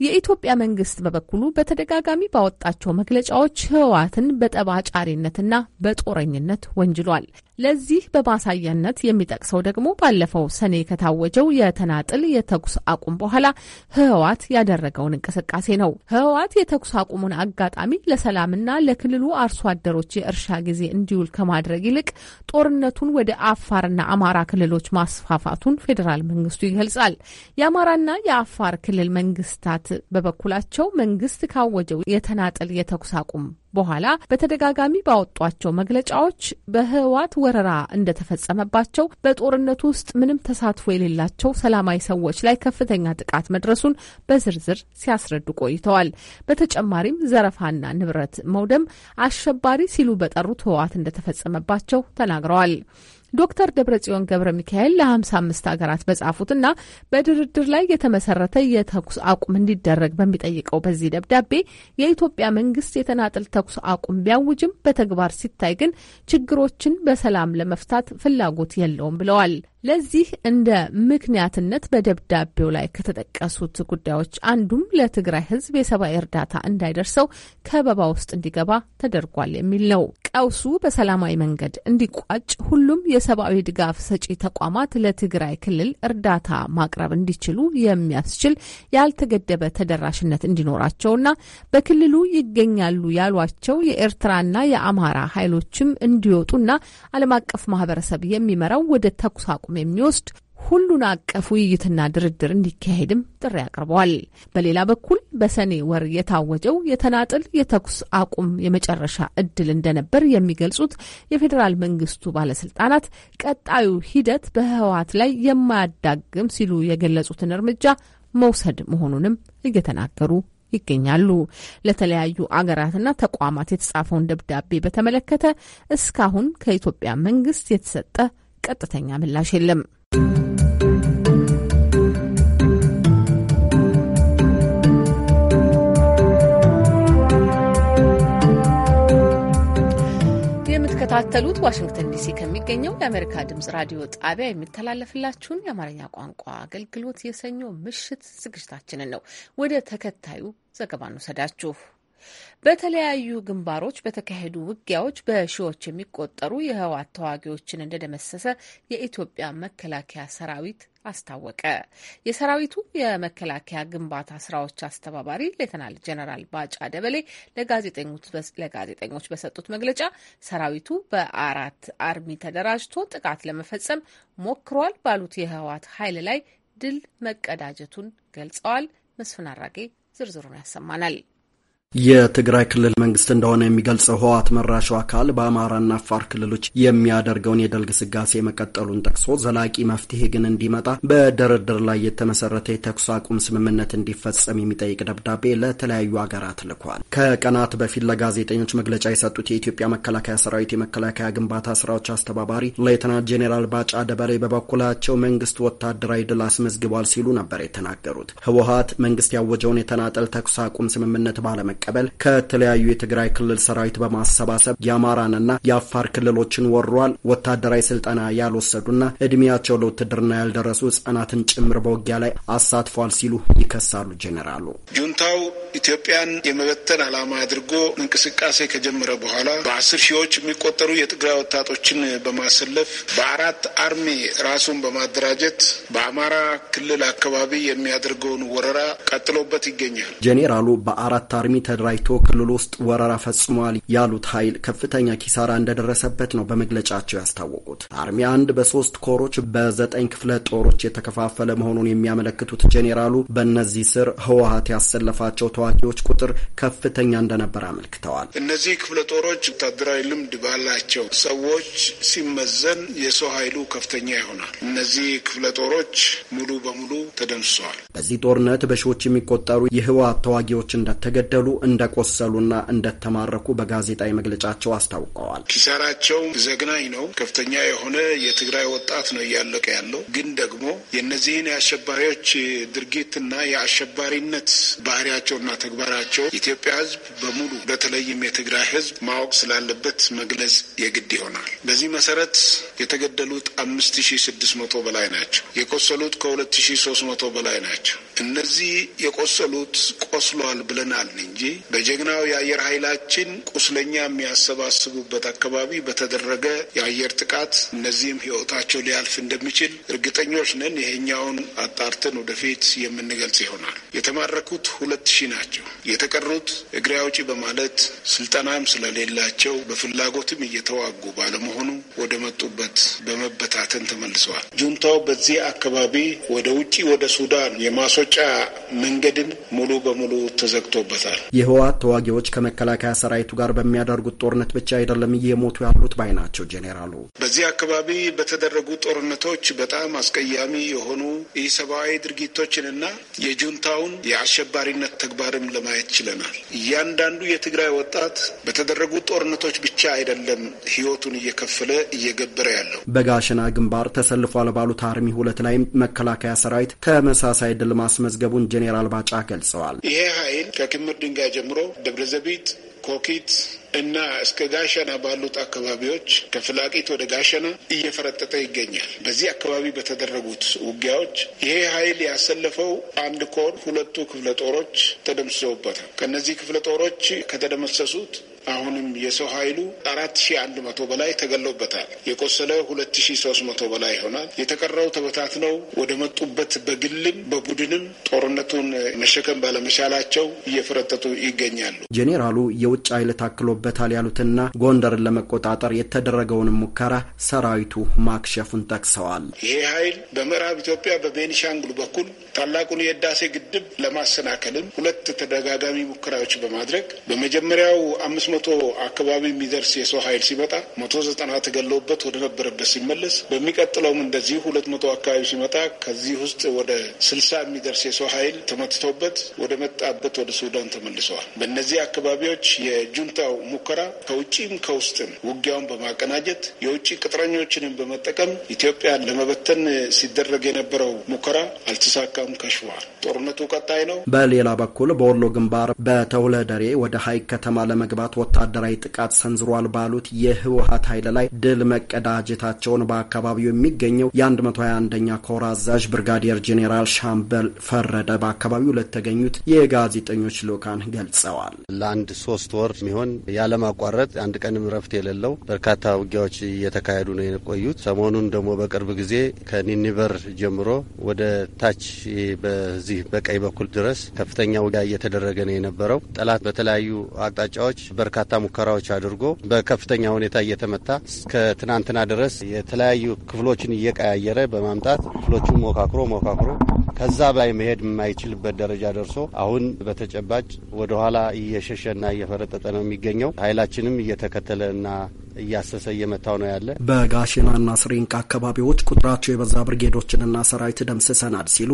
የኢትዮጵያ መንግስት በበኩሉ በተደጋጋሚ ባወጣቸው መግለጫዎች ህወሓትን በጠባጫሪነትና በጦረኝነት ወንጅሏል። ለዚህ በማሳያነት የሚጠቅሰው ደግሞ ባለፈው ሰኔ ከታወጀው የተናጥል የተኩስ አቁም በኋላ ህወሓት ያደረገውን እንቅስቃሴ ነው። ህወሓት የተኩስ አቁሙን አጋጣሚ ለሰላምና ለክልሉ አርሶ አደሮች የእርሻ ጊዜ እንዲውል ከማድረግ ይልቅ ጦርነቱን ወደ አፋርና አማራ ክልሎች ማስፋፋቱን ፌዴራል መንግስቱ ይገልጻል። የአማራና የአፋር ክልል መንግስታት በበኩላቸው መንግስት ካወጀው የተናጠል የተኩስ አቁም በኋላ በተደጋጋሚ ባወጧቸው መግለጫዎች በህወሓት ወረራ እንደተፈጸመባቸው በጦርነቱ ውስጥ ምንም ተሳትፎ የሌላቸው ሰላማዊ ሰዎች ላይ ከፍተኛ ጥቃት መድረሱን በዝርዝር ሲያስረዱ ቆይተዋል። በተጨማሪም ዘረፋና ንብረት መውደም አሸባሪ ሲሉ በጠሩት ህወሓት እንደተፈጸመባቸው ተናግረዋል። ዶክተር ደብረጽዮን ገብረ ሚካኤል ለ55 ሀገራት በጻፉትና በድርድር ላይ የተመሰረተ የተኩስ አቁም እንዲደረግ በሚጠይቀው በዚህ ደብዳቤ የኢትዮጵያ መንግስት የተናጥል ተኩስ አቁም ቢያውጅም በተግባር ሲታይ ግን ችግሮችን በሰላም ለመፍታት ፍላጎት የለውም ብለዋል። ለዚህ እንደ ምክንያትነት በደብዳቤው ላይ ከተጠቀሱት ጉዳዮች አንዱም ለትግራይ ሕዝብ የሰብአዊ እርዳታ እንዳይደርሰው ከበባ ውስጥ እንዲገባ ተደርጓል የሚል ነው። ቀውሱ በሰላማዊ መንገድ እንዲቋጭ ሁሉም የሰብአዊ ድጋፍ ሰጪ ተቋማት ለትግራይ ክልል እርዳታ ማቅረብ እንዲችሉ የሚያስችል ያልተገደበ ተደራሽነት እንዲኖራቸውና በክልሉ ይገኛሉ ያሏቸው የኤርትራና የአማራ ኃይሎችም እንዲወጡና ዓለም አቀፍ ማህበረሰብ የሚመራው ወደ ተኩስ አቁም አቅም የሚወስድ ሁሉን አቀፍ ውይይትና ድርድር እንዲካሄድም ጥሪ አቅርበዋል። በሌላ በኩል በሰኔ ወር የታወጀው የተናጥል የተኩስ አቁም የመጨረሻ እድል እንደነበር የሚገልጹት የፌዴራል መንግስቱ ባለስልጣናት ቀጣዩ ሂደት በህወሓት ላይ የማያዳግም ሲሉ የገለጹትን እርምጃ መውሰድ መሆኑንም እየተናገሩ ይገኛሉ። ለተለያዩ አገራትና ተቋማት የተጻፈውን ደብዳቤ በተመለከተ እስካሁን ከኢትዮጵያ መንግስት የተሰጠ ቀጥተኛ ምላሽ የለም። የምትከታተሉት ዋሽንግተን ዲሲ ከሚገኘው የአሜሪካ ድምጽ ራዲዮ ጣቢያ የሚተላለፍላችሁን የአማርኛ ቋንቋ አገልግሎት የሰኞ ምሽት ዝግጅታችንን ነው። ወደ ተከታዩ ዘገባ እንውሰዳችሁ። በተለያዩ ግንባሮች በተካሄዱ ውጊያዎች በሺዎች የሚቆጠሩ የህወሓት ተዋጊዎችን እንደደመሰሰ የኢትዮጵያ መከላከያ ሰራዊት አስታወቀ። የሰራዊቱ የመከላከያ ግንባታ ስራዎች አስተባባሪ ሌተናል ጀነራል ባጫ ደበሌ ለጋዜጠኞች በሰጡት መግለጫ ሰራዊቱ በአራት አርሚ ተደራጅቶ ጥቃት ለመፈጸም ሞክሯል ባሉት የህወሓት ኃይል ላይ ድል መቀዳጀቱን ገልጸዋል። መስፍን አራጌ ዝርዝሩን ያሰማናል። የትግራይ ክልል መንግስት እንደሆነ የሚገልጸው ህወሓት መራሹ አካል በአማራና አፋር ክልሎች የሚያደርገውን የደል ግስጋሴ መቀጠሉን ጠቅሶ ዘላቂ መፍትሄ ግን እንዲመጣ በድርድር ላይ የተመሰረተ የተኩስ አቁም ስምምነት እንዲፈጸም የሚጠይቅ ደብዳቤ ለተለያዩ ሀገራት ልኳል። ከቀናት በፊት ለጋዜጠኞች መግለጫ የሰጡት የኢትዮጵያ መከላከያ ሰራዊት የመከላከያ ግንባታ ስራዎች አስተባባሪ ሌተናንት ጄኔራል ባጫ ደበሬ በበኩላቸው መንግስት ወታደራዊ ድል አስመዝግቧል ሲሉ ነበር የተናገሩት። ህወሓት መንግስት ያወጀውን የተናጠል ተኩስ አቁም ስምምነት ባለመ በመቀበል ከተለያዩ የትግራይ ክልል ሰራዊት በማሰባሰብ የአማራንና የአፋር ክልሎችን ወሯል። ወታደራዊ ስልጠና ያልወሰዱና እድሜያቸው ለውትድርና ያልደረሱ ህጻናትን ጭምር በውጊያ ላይ አሳትፏል ሲሉ ይከሳሉ። ጄኔራሉ ጁንታው ኢትዮጵያን የመበተን ዓላማ አድርጎ እንቅስቃሴ ከጀመረ በኋላ በአስር ሺዎች የሚቆጠሩ የትግራይ ወጣቶችን በማሰለፍ በአራት አርሚ ራሱን በማደራጀት በአማራ ክልል አካባቢ የሚያደርገውን ወረራ ቀጥሎበት ይገኛል። ጄኔራሉ በአራት አርሚ ተደራጅቶ ክልል ውስጥ ወረራ ፈጽሟል ያሉት ኃይል ከፍተኛ ኪሳራ እንደደረሰበት ነው በመግለጫቸው ያስታወቁት። አርሚ አንድ በሶስት ኮሮች በዘጠኝ ክፍለ ጦሮች የተከፋፈለ መሆኑን የሚያመለክቱት ጄኔራሉ በእነዚህ ስር ህወሀት ያሰለፋቸው ተዋጊዎች ቁጥር ከፍተኛ እንደነበር አመልክተዋል። እነዚህ ክፍለ ጦሮች ወታደራዊ ልምድ ባላቸው ሰዎች ሲመዘን የሰው ኃይሉ ከፍተኛ ይሆናል። እነዚህ ክፍለ ጦሮች ሙሉ በሙሉ ተደምስሰዋል። በዚህ ጦርነት በሺዎች የሚቆጠሩ የህወሀት ተዋጊዎች እንደተገደሉ እንደቆሰሉና እንደተማረኩ በጋዜጣዊ መግለጫቸው አስታውቀዋል። ኪሳራቸው ዘግናኝ ነው። ከፍተኛ የሆነ የትግራይ ወጣት ነው እያለቀ ያለው። ግን ደግሞ የእነዚህን የአሸባሪዎች ድርጊትና የአሸባሪነት ባህሪያቸውና ተግባራቸው ኢትዮጵያ ሕዝብ በሙሉ በተለይም የትግራይ ሕዝብ ማወቅ ስላለበት መግለጽ የግድ ይሆናል። በዚህ መሰረት የተገደሉት አምስት ሺ ስድስት መቶ በላይ ናቸው። የቆሰሉት ከሁለት ሺ ሶስት መቶ በላይ ናቸው። እነዚህ የቆሰሉት ቆስሏል ብለናል እንጂ እንጂ በጀግናው የአየር ኃይላችን ቁስለኛ የሚያሰባስቡበት አካባቢ በተደረገ የአየር ጥቃት እነዚህም ህይወታቸው ሊያልፍ እንደሚችል እርግጠኞች ነን። ይሄኛውን አጣርተን ወደፊት የምንገልጽ ይሆናል። የተማረኩት ሁለት ሺህ ናቸው። የተቀሩት እግሬ አውጪ በማለት ስልጠናም ስለሌላቸው በፍላጎትም እየተዋጉ ባለመሆኑ ወደ መጡበት በመበታተን ተመልሰዋል። ጁንታው በዚህ አካባቢ ወደ ውጭ ወደ ሱዳን የማስወጫ መንገድን ሙሉ በሙሉ ተዘግቶበታል። የህወሓት ተዋጊዎች ከመከላከያ ሰራዊቱ ጋር በሚያደርጉት ጦርነት ብቻ አይደለም እየሞቱ ያሉት ባይ ናቸው ጄኔራሉ። በዚህ አካባቢ በተደረጉ ጦርነቶች በጣም አስቀያሚ የሆኑ ኢሰብአዊ ድርጊቶችንና የጁንታውን የአሸባሪነት ተግባርም ለማየት ችለናል። እያንዳንዱ የትግራይ ወጣት በተደረጉ ጦርነቶች ብቻ አይደለም ህይወቱን እየከፈለ እየገበረ ያለው። በጋሸና ግንባር ተሰልፏል ባሉት አርሚ ሁለት ላይም መከላከያ ሰራዊት ተመሳሳይ ድል ማስመዝገቡን ጄኔራል ባጫ ገልጸዋል። ይሄ ኃይል ከክምር ድንጋይ ከወልዲያ ጀምሮ ደብረዘቢት፣ ኮኪት እና እስከ ጋሸና ባሉት አካባቢዎች ከፍላቂት ወደ ጋሸና እየፈረጠጠ ይገኛል። በዚህ አካባቢ በተደረጉት ውጊያዎች ይሄ ኃይል ያሰለፈው አንድ ኮር ሁለቱ ክፍለ ጦሮች ተደምስሰውበታል። ከነዚህ ክፍለ ጦሮች ከተደመሰሱት አሁንም የሰው ኃይሉ አራት ሺ አንድ መቶ በላይ ተገለውበታል። የቆሰለ ሁለት ሺ ሶስት መቶ በላይ ይሆናል። የተቀረው ተበታትነው ወደ መጡበት በግልም በቡድንም ጦርነቱን መሸከም ባለመቻላቸው እየፈረጠጡ ይገኛሉ። ጄኔራሉ የውጭ ኃይል ታክሎበታል ያሉትና ጎንደርን ለመቆጣጠር የተደረገውን ሙከራ ሰራዊቱ ማክሸፉን ጠቅሰዋል። ይሄ ኃይል በምዕራብ ኢትዮጵያ በቤኒሻንጉል በኩል ታላቁን የህዳሴ ግድብ ለማሰናከልም ሁለት ተደጋጋሚ ሙከራዎች በማድረግ በመጀመሪያው አምስት መቶ አካባቢ የሚደርስ የሰው ኃይል ሲመጣ መቶ ዘጠና ተገለውበት ወደ ነበረበት ሲመለስ በሚቀጥለውም እንደዚህ ሁለት መቶ አካባቢ ሲመጣ ከዚህ ውስጥ ወደ ስልሳ የሚደርስ የሰው ኃይል ተመትቶበት ወደ መጣበት ወደ ሱዳን ተመልሰዋል። በእነዚህ አካባቢዎች የጁንታው ሙከራ ከውጭም ከውስጥም ውጊያውን በማቀናጀት የውጭ ቅጥረኞችንም በመጠቀም ኢትዮጵያን ለመበተን ሲደረግ የነበረው ሙከራ አልተሳካም፣ ከሽፏል። ጦርነቱ ቀጣይ ነው። በሌላ በኩል በወሎ ግንባር በተውለደሬ ወደ ሀይቅ ከተማ ለመግባት ወታደራዊ ጥቃት ሰንዝሯል ባሉት የህወሀት ኃይል ላይ ድል መቀዳጀታቸውን በአካባቢው የሚገኘው የ121ኛ ኮር አዛዥ ብርጋዴር ጄኔራል ሻምበል ፈረደ በአካባቢው ለተገኙት የጋዜጠኞች ልዑካን ገልጸዋል። ለአንድ ሶስት ወር የሚሆን ያለማቋረጥ አንድ ቀንም ረፍት የሌለው በርካታ ውጊያዎች እየተካሄዱ ነው የቆዩት። ሰሞኑን ደግሞ በቅርብ ጊዜ ከኒኒበር ጀምሮ ወደ ታች በዚህ በቀይ በኩል ድረስ ከፍተኛ ውጊያ እየተደረገ ነው የነበረው። ጠላት በተለያዩ አቅጣጫዎች በርካታ ሙከራዎች አድርጎ በከፍተኛ ሁኔታ እየተመታ እስከ ትናንትና ድረስ የተለያዩ ክፍሎችን እየቀያየረ በማምጣት ክፍሎቹን ሞካክሮ ሞካክሮ ከዛ በላይ መሄድ የማይችልበት ደረጃ ደርሶ አሁን በተጨባጭ ወደኋላ እየሸሸና እየፈረጠጠ ነው የሚገኘው። ኃይላችንም እየተከተለና እያሰሰ እየመታው ነው ያለ። በጋሽናና ስሪንቅ አካባቢዎች ቁጥራቸው የበዛ ብርጌዶችንና ሰራዊት ደምስሰናል ሲሉ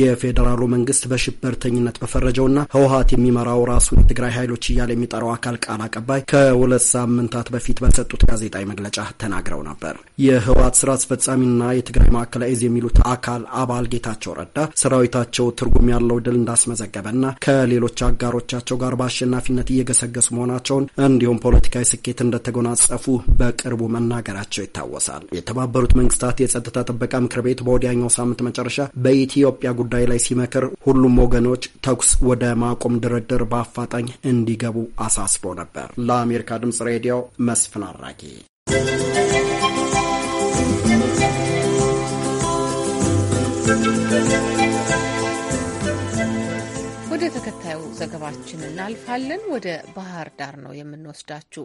የፌዴራሉ መንግስት በሽበርተኝነት በፈረጀውና ህወሀት የሚመራው ራሱን የትግራይ ኃይሎች እያለ የሚጠራው አካል ቃል አቀባይ ከሁለት ሳምንታት በፊት በሰጡት ጋዜጣዊ መግለጫ ተናግረው ነበር። የህወሀት ስራ አስፈጻሚና የትግራይ ማዕከላዊ እዝ የሚሉት አካል አባል ጌታቸው ረዳ ሰራዊታቸው ትርጉም ያለው ድል እንዳስመዘገበና ከሌሎች አጋሮቻቸው ጋር በአሸናፊነት እየገሰገሱ መሆናቸውን እንዲሁም ፖለቲካዊ ስኬት እንደተጎናጸፉ እንደሚሳተፉ በቅርቡ መናገራቸው ይታወሳል። የተባበሩት መንግስታት የጸጥታ ጥበቃ ምክር ቤት በወዲያኛው ሳምንት መጨረሻ በኢትዮጵያ ጉዳይ ላይ ሲመክር ሁሉም ወገኖች ተኩስ ወደ ማቆም ድርድር በአፋጣኝ እንዲገቡ አሳስቦ ነበር። ለአሜሪካ ድምጽ ሬዲዮ መስፍን አራጌ ዘገባዎችን እናልፋለን። ወደ ባህር ዳር ነው የምንወስዳችው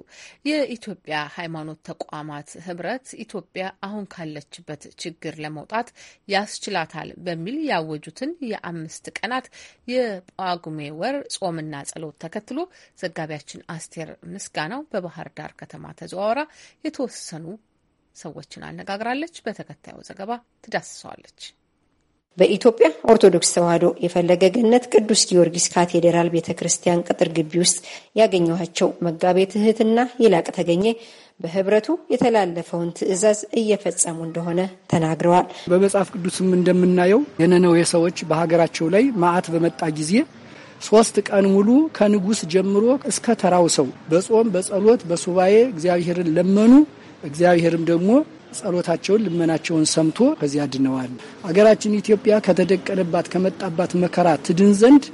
የኢትዮጵያ ሃይማኖት ተቋማት ህብረት ኢትዮጵያ አሁን ካለችበት ችግር ለመውጣት ያስችላታል በሚል ያወጁትን የአምስት ቀናት የጳጉሜ ወር ጾምና ጸሎት ተከትሎ ዘጋቢያችን አስቴር ምስጋናው በባህር ዳር ከተማ ተዘዋውራ የተወሰኑ ሰዎችን አነጋግራለች። በተከታዩ ዘገባ ትዳስሰዋለች። በኢትዮጵያ ኦርቶዶክስ ተዋሕዶ የፈለገ ገነት ቅዱስ ጊዮርጊስ ካቴድራል ቤተ ክርስቲያን ቅጥር ግቢ ውስጥ ያገኘኋቸው መጋቤ ትህትና ይላቅ ተገኘ በህብረቱ የተላለፈውን ትዕዛዝ እየፈጸሙ እንደሆነ ተናግረዋል። በመጽሐፍ ቅዱስም እንደምናየው የነነዌ ሰዎች በሀገራቸው ላይ መዓት በመጣ ጊዜ ሶስት ቀን ሙሉ ከንጉስ ጀምሮ እስከ ተራው ሰው በጾም በጸሎት በሱባኤ እግዚአብሔርን ለመኑ። እግዚአብሔርም ደግሞ ጸሎታቸውን ልመናቸውን ሰምቶ ከዚህ አድነዋል። አገራችን ኢትዮጵያ ከተደቀነባት ከመጣባት መከራ ትድን ዘንድ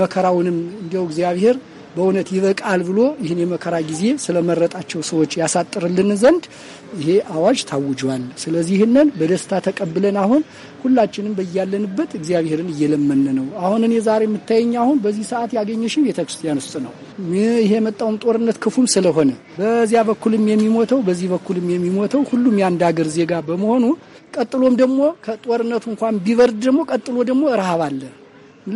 መከራውንም እንዲያው እግዚአብሔር በእውነት ይበቃል ብሎ ይህን የመከራ ጊዜ ስለመረጣቸው ሰዎች ያሳጥርልን ዘንድ ይሄ አዋጅ ታውጇል። ስለዚህ ይህንን በደስታ ተቀብለን አሁን ሁላችንም በያለንበት እግዚአብሔርን እየለመን ነው። አሁን እኔ ዛሬ የምታየኝ አሁን በዚህ ሰዓት ያገኘሽኝ ቤተክርስቲያን ውስጥ ነው። ይሄ የመጣውም ጦርነት ክፉም ስለሆነ በዚያ በኩልም የሚሞተው በዚህ በኩልም የሚሞተው ሁሉም የአንድ ሀገር ዜጋ በመሆኑ ቀጥሎም ደግሞ ከጦርነቱ እንኳን ቢበርድ ደግሞ ቀጥሎ ደግሞ ረሃብ አለ።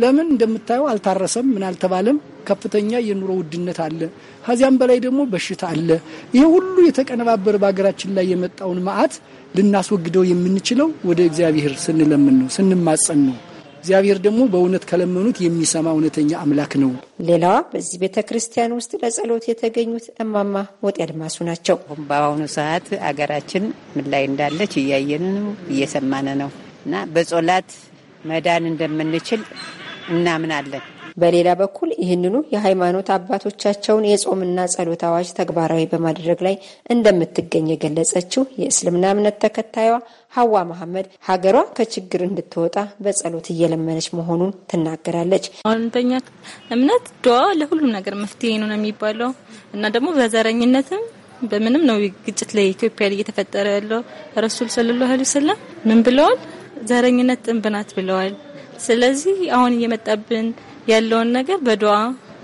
ለምን እንደምታየው አልታረሰም፣ ምን አልተባለም። ከፍተኛ የኑሮ ውድነት አለ። ከዚያም በላይ ደግሞ በሽታ አለ። ይህ ሁሉ የተቀነባበረ በሀገራችን ላይ የመጣውን መዓት ልናስወግደው የምንችለው ወደ እግዚአብሔር ስንለምን ነው፣ ስንማጸን ነው። እግዚአብሔር ደግሞ በእውነት ከለመኑት የሚሰማ እውነተኛ አምላክ ነው። ሌላዋ በዚህ ቤተ ክርስቲያን ውስጥ ለጸሎት የተገኙት እማማ ወጥ አድማሱ ናቸው። በአሁኑ ሰዓት አገራችን ምን ላይ እንዳለች እያየን ነው፣ እየሰማን ነው እና በጸሎት መዳን እንደምንችል እናምናለን። በሌላ በኩል ይህንኑ የሃይማኖት አባቶቻቸውን የጾምና ጸሎት አዋጅ ተግባራዊ በማድረግ ላይ እንደምትገኝ የገለጸችው የእስልምና እምነት ተከታዩዋ ሀዋ መሐመድ ሀገሯ ከችግር እንድትወጣ በጸሎት እየለመነች መሆኑን ትናገራለች። አንተኛ በኛ እምነት ዱዓ ለሁሉም ነገር መፍትሄ ነው የሚባለው እና ደግሞ በዘረኝነትም በምንም ነው ግጭት ላይ ኢትዮጵያ ላይ እየተፈጠረ ያለው። ረሱል ሰለላሁ ዐለይሂ ወሰለም ምን ብለዋል? ዘረኝነት ጥንብ ናት ብለዋል። ስለዚህ አሁን እየመጣብን ያለውን ነገር በዱዓ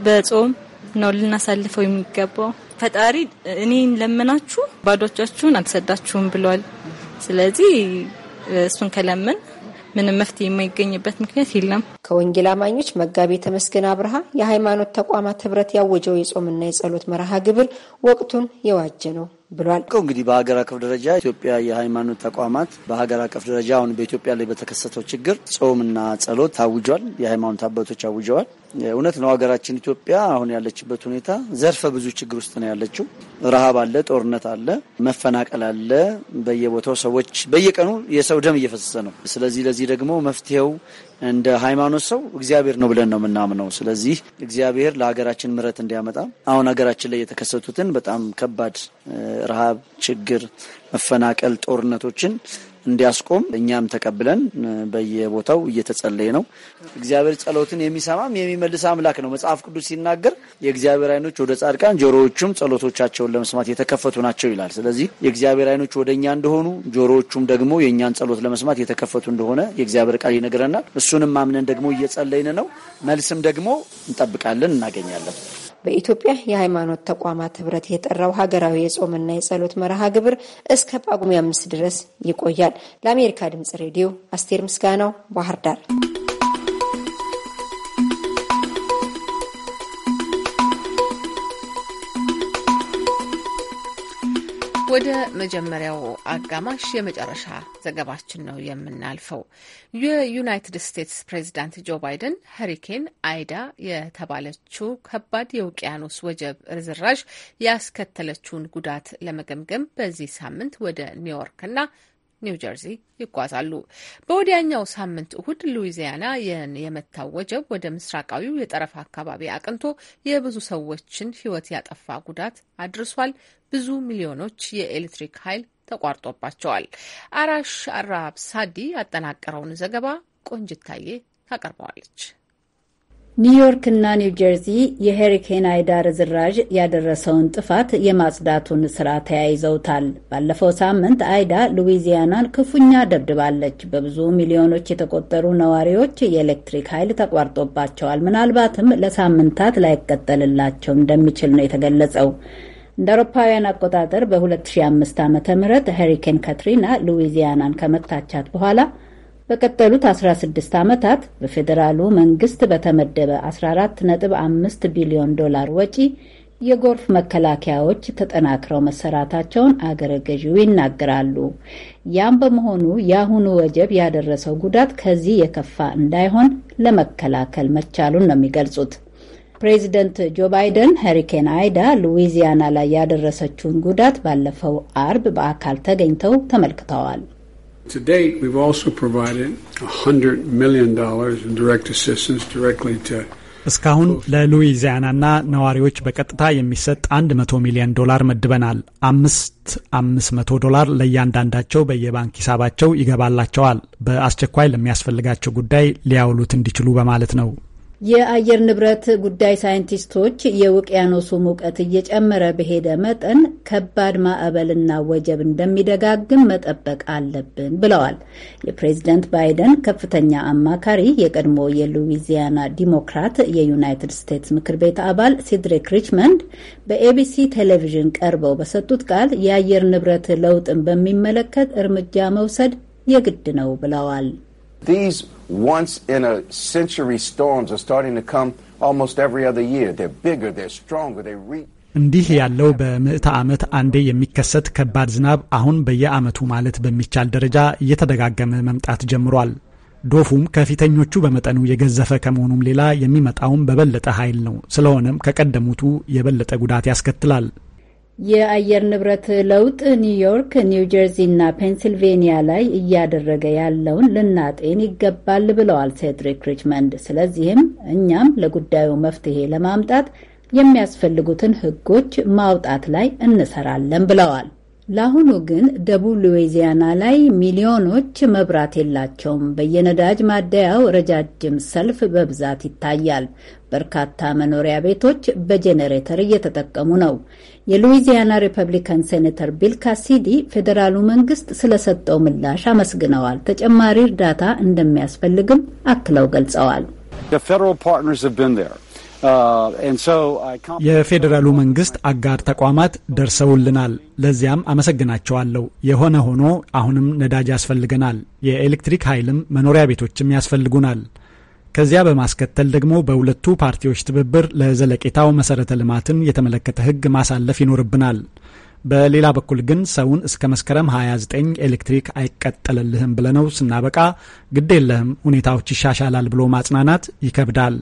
በጾም ነው ልናሳልፈው የሚገባው። ፈጣሪ እኔን ለምናችሁ ባዶቻችሁን እጃችሁን አልሰዳችሁም ብሏል። ስለዚህ እሱን ከለምን ምንም መፍትሄ የማይገኝበት ምክንያት የለም። ከወንጌል አማኞች መጋቢ ተመስገን አብርሃ የሃይማኖት ተቋማት ህብረት ያወጀው የጾምና የጸሎት መርሃ ግብር ወቅቱን የዋጀ ነው። ብሏል። እንግዲህ በሀገር አቀፍ ደረጃ ኢትዮጵያ የሃይማኖት ተቋማት በሀገር አቀፍ ደረጃ አሁን በኢትዮጵያ ላይ በተከሰተው ችግር ጾምና ጸሎት ታውጇል። የሃይማኖት አባቶች አውጀዋል። እውነት ነው። ሀገራችን ኢትዮጵያ አሁን ያለችበት ሁኔታ ዘርፈ ብዙ ችግር ውስጥ ነው ያለችው። ረሃብ አለ፣ ጦርነት አለ፣ መፈናቀል አለ። በየቦታው ሰዎች በየቀኑ የሰው ደም እየፈሰሰ ነው። ስለዚህ ለዚህ ደግሞ መፍትሄው እንደ ሃይማኖት ሰው እግዚአብሔር ነው ብለን ነው የምናምነው። ስለዚህ እግዚአብሔር ለሀገራችን ምረት እንዲያመጣ አሁን ሀገራችን ላይ የተከሰቱትን በጣም ከባድ ረሃብ፣ ችግር፣ መፈናቀል፣ ጦርነቶችን እንዲያስቆም እኛም ተቀብለን በየቦታው እየተጸለየ ነው። እግዚአብሔር ጸሎትን የሚሰማም የሚመልስ አምላክ ነው። መጽሐፍ ቅዱስ ሲናገር የእግዚአብሔር ዓይኖች ወደ ጻድቃን ጆሮዎቹም ጸሎቶቻቸውን ለመስማት የተከፈቱ ናቸው ይላል። ስለዚህ የእግዚአብሔር ዓይኖች ወደ እኛ እንደሆኑ ጆሮዎቹም ደግሞ የእኛን ጸሎት ለመስማት የተከፈቱ እንደሆነ የእግዚአብሔር ቃል ይነግረናል። እሱንም አምነን ደግሞ እየጸለይን ነው። መልስም ደግሞ እንጠብቃለን፣ እናገኛለን። በኢትዮጵያ የሃይማኖት ተቋማት ህብረት የጠራው ሀገራዊ የጾምና የጸሎት መርሃ ግብር እስከ ጳጉሜ አምስት ድረስ ይቆያል። ለአሜሪካ ድምጽ ሬዲዮ አስቴር ምስጋናው ባህር ዳር። ወደ መጀመሪያው አጋማሽ የመጨረሻ ዘገባችን ነው የምናልፈው። የዩናይትድ ስቴትስ ፕሬዚዳንት ጆ ባይደን ሀሪኬን አይዳ የተባለችው ከባድ የውቅያኖስ ወጀብ ርዝራዥ ያስከተለችውን ጉዳት ለመገምገም በዚህ ሳምንት ወደ ኒውዮርክና ኒው ጀርዚ ይጓዛሉ። በወዲያኛው ሳምንት እሁድ ሉዊዚያና የመታው ወጀብ ወደ ምስራቃዊው የጠረፍ አካባቢ አቅንቶ የብዙ ሰዎችን ሕይወት ያጠፋ ጉዳት አድርሷል። ብዙ ሚሊዮኖች የኤሌክትሪክ ኃይል ተቋርጦባቸዋል። አራሽ አራብ ሳዲ ያጠናቀረውን ዘገባ ቆንጅታዬ ታቀርበዋለች። ኒውዮርክና ኒው ጀርዚ የሄሪኬን አይዳ ርዝራዥ ያደረሰውን ጥፋት የማጽዳቱን ስራ ተያይዘውታል። ባለፈው ሳምንት አይዳ ሉዊዚያናን ክፉኛ ደብድባለች። በብዙ ሚሊዮኖች የተቆጠሩ ነዋሪዎች የኤሌክትሪክ ኃይል ተቋርጦባቸዋል። ምናልባትም ለሳምንታት ላይቀጠልላቸው እንደሚችል ነው የተገለጸው። እንደ አውሮፓውያን አቆጣጠር በ2005 ዓ ም ሄሪኬን ካትሪና ሉዊዚያናን ከመታቻት በኋላ በቀጠሉት 16 ዓመታት በፌዴራሉ መንግስት በተመደበ 14.5 ቢሊዮን ዶላር ወጪ የጎርፍ መከላከያዎች ተጠናክረው መሰራታቸውን አገረ ገዢው ይናገራሉ። ያም በመሆኑ የአሁኑ ወጀብ ያደረሰው ጉዳት ከዚህ የከፋ እንዳይሆን ለመከላከል መቻሉን ነው የሚገልጹት። ፕሬዚደንት ጆ ባይደን ሄሪኬን አይዳ ሉዊዚያና ላይ ያደረሰችውን ጉዳት ባለፈው አርብ በአካል ተገኝተው ተመልክተዋል። To date, we've also provided $100 million in direct assistance directly to እስካሁን ለሉዊዚያናና ነዋሪዎች በቀጥታ የሚሰጥ 100 ሚሊዮን ዶላር መድበናል። አምስት 500 ዶላር ለእያንዳንዳቸው በየባንክ ሂሳባቸው ይገባላቸዋል፣ በአስቸኳይ ለሚያስፈልጋቸው ጉዳይ ሊያውሉት እንዲችሉ በማለት ነው። የአየር ንብረት ጉዳይ ሳይንቲስቶች የውቅያኖሱ ሙቀት እየጨመረ በሄደ መጠን ከባድ ማዕበልና ወጀብ እንደሚደጋግም መጠበቅ አለብን ብለዋል። የፕሬዝደንት ባይደን ከፍተኛ አማካሪ የቀድሞ የሉዊዚያና ዲሞክራት የዩናይትድ ስቴትስ ምክር ቤት አባል ሲድሪክ ሪችመንድ በኤቢሲ ቴሌቪዥን ቀርበው በሰጡት ቃል የአየር ንብረት ለውጥን በሚመለከት እርምጃ መውሰድ የግድ ነው ብለዋል። These once in a century storms are starting to come almost every other year. They're bigger, they're stronger, they reach እንዲህ ያለው በምዕተ ዓመት አንዴ የሚከሰት ከባድ ዝናብ አሁን በየዓመቱ ማለት በሚቻል ደረጃ እየተደጋገመ መምጣት ጀምሯል። ዶፉም ከፊተኞቹ በመጠኑ የገዘፈ ከመሆኑም ሌላ የሚመጣውም በበለጠ ኃይል ነው። ስለሆነም ከቀደሙቱ የበለጠ ጉዳት ያስከትላል። የአየር ንብረት ለውጥ ኒውዮርክ፣ ኒው ጀርዚ እና ፔንሲልቬኒያ ላይ እያደረገ ያለውን ልናጤን ይገባል ብለዋል ሴድሪክ ሪችመንድ። ስለዚህም እኛም ለጉዳዩ መፍትሄ ለማምጣት የሚያስፈልጉትን ሕጎች ማውጣት ላይ እንሰራለን ብለዋል። ለአሁኑ ግን ደቡብ ሉዊዚያና ላይ ሚሊዮኖች መብራት የላቸውም። በየነዳጅ ማደያው ረጃጅም ሰልፍ በብዛት ይታያል። በርካታ መኖሪያ ቤቶች በጄኔሬተር እየተጠቀሙ ነው። የሉዊዚያና ሪፐብሊካን ሴኔተር ቢል ካሲዲ ፌዴራሉ መንግስት ስለሰጠው ምላሽ አመስግነዋል። ተጨማሪ እርዳታ እንደሚያስፈልግም አክለው ገልጸዋል። uh, የፌዴራሉ መንግስት አጋር ተቋማት ደርሰውልናል። ለዚያም አመሰግናቸዋለሁ። የሆነ ሆኖ አሁንም ነዳጅ ያስፈልገናል። የኤሌክትሪክ ኃይልም መኖሪያ ቤቶችም ያስፈልጉናል። ከዚያ በማስከተል ደግሞ በሁለቱ ፓርቲዎች ትብብር ለዘለቄታው መሰረተ ልማትን የተመለከተ ህግ ማሳለፍ ይኖርብናል። በሌላ በኩል ግን ሰውን እስከ መስከረም 29 ኤሌክትሪክ አይቀጠልልህም ብለነው ስናበቃ ግድ የለህም ሁኔታዎች ይሻሻላል ብሎ ማጽናናት ይከብዳል።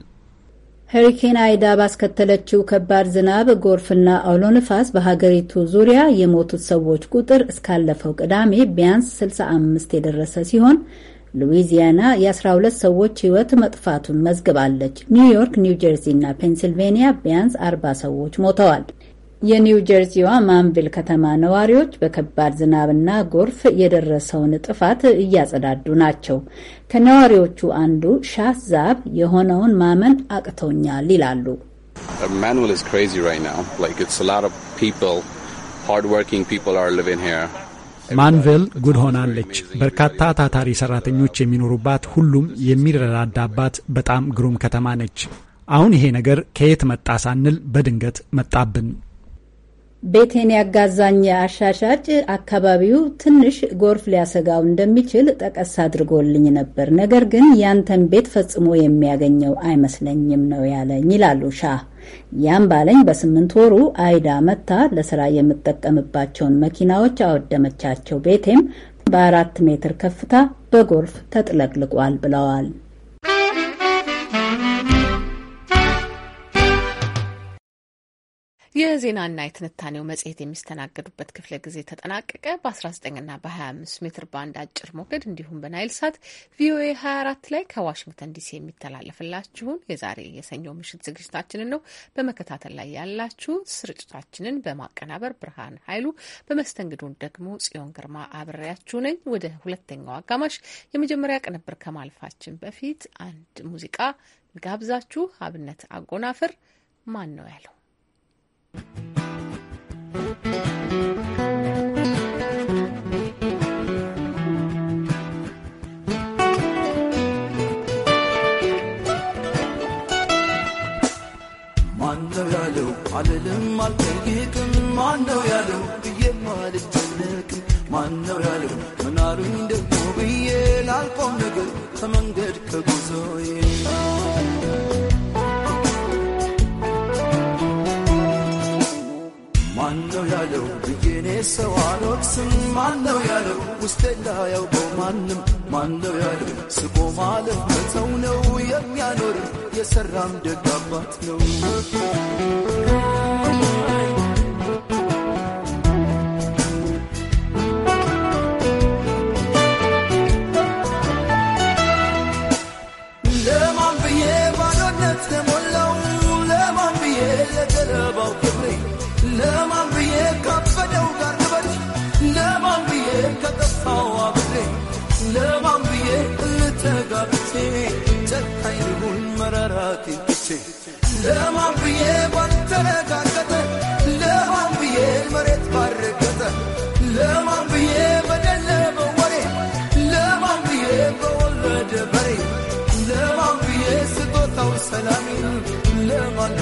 ሄሪኬን አይዳ ባስከተለችው ከባድ ዝናብ፣ ጎርፍና አውሎ ንፋስ በሀገሪቱ ዙሪያ የሞቱት ሰዎች ቁጥር እስካለፈው ቅዳሜ ቢያንስ 65 የደረሰ ሲሆን ሉዊዚያና የ12 ሰዎች ህይወት መጥፋቱን መዝግባለች። ኒውዮርክ፣ ኒው ጀርሲ እና ፔንሲልቬኒያ ቢያንስ 40 ሰዎች ሞተዋል። የኒው ጀርዚዋ ማንቪል ከተማ ነዋሪዎች በከባድ ዝናብና ጎርፍ የደረሰውን ጥፋት እያጸዳዱ ናቸው። ከነዋሪዎቹ አንዱ ሻህ ዛብ የሆነውን ማመን አቅቶኛል ይላሉ። ማንዌል ስ ክሬዚ ራይት ናው ላይክ ኢትስ አ ሎት ኦፍ ፒፕል ሃርድ ወርኪንግ ፒፕል አር ሊቪንግ ሂር ማንቬል ጉድ ሆናለች። በርካታ ታታሪ ሰራተኞች የሚኖሩባት፣ ሁሉም የሚረዳዳባት በጣም ግሩም ከተማ ነች። አሁን ይሄ ነገር ከየት መጣ ሳንል በድንገት መጣብን። ቤቴን ያጋዛኝ አሻሻጭ አካባቢው ትንሽ ጎርፍ ሊያሰጋው እንደሚችል ጠቀስ አድርጎልኝ ነበር። ነገር ግን ያንተን ቤት ፈጽሞ የሚያገኘው አይመስለኝም ነው ያለኝ ይላሉ ሻ ያም ባለኝ በስምንት ወሩ አይዳ መታ ለስራ የምጠቀምባቸውን መኪናዎች አወደመቻቸው። ቤቴም በአራት ሜትር ከፍታ በጎርፍ ተጥለቅልቋል ብለዋል። የዜናና የትንታኔው መጽሔት የሚስተናገዱበት ክፍለ ጊዜ ተጠናቀቀ። በ19ና በ25 ሜትር ባንድ አጭር ሞገድ እንዲሁም በናይል ሳት ቪኦኤ 24 ላይ ከዋሽንግተን ዲሲ የሚተላለፍላችሁን የዛሬ የሰኞ ምሽት ዝግጅታችንን ነው በመከታተል ላይ ያላችሁ። ስርጭታችንን በማቀናበር ብርሃን ኃይሉ፣ በመስተንግዶን ደግሞ ጽዮን ግርማ አብሬያችሁ ነኝ። ወደ ሁለተኛው አጋማሽ የመጀመሪያ ቅንብር ከማልፋችን በፊት አንድ ሙዚቃ ጋብዛችሁ አብነት አጎናፍር ማን ነው ያለው ማነው ያለው አልልም አልጠይቅም። ማነው ያለው ብዬ አልጨነቅም። ማነው ያለው ምናሉኝ ደግሞ ብዬ ላልቆም ነገር ከመንገድ ከጉዞዬ ማነው ያለው ብዬኔ ሰው አልወቅስም። ማነው ያለው ውስጤ እንዳያውቀው ማንም ማነው ያለው ስቆ ማለት መተው ነው የሚያኖር የሰራም ደግ አባት ነው። ተዋብሬ ለማን ብዬ ልተጋብቼ ጨካኝ ልሁን ለማን ብዬ ባልተረጋገጠ ለማን ብዬ መሬት ባረገጠ ለማን ብዬ በደለ በወለደ በሬ ለማን ብዬ ስጦታው ሰላሜን ለማን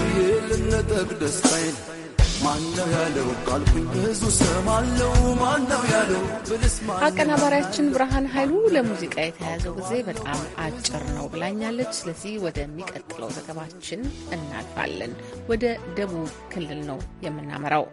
አቀናባሪያችን ብርሃን ኃይሉ ለሙዚቃ የተያዘው ጊዜ በጣም አጭር ነው ብላኛለች። ስለዚህ ወደሚቀጥለው ዘገባችን እናልፋለን። ወደ ደቡብ ክልል ነው የምናመራው።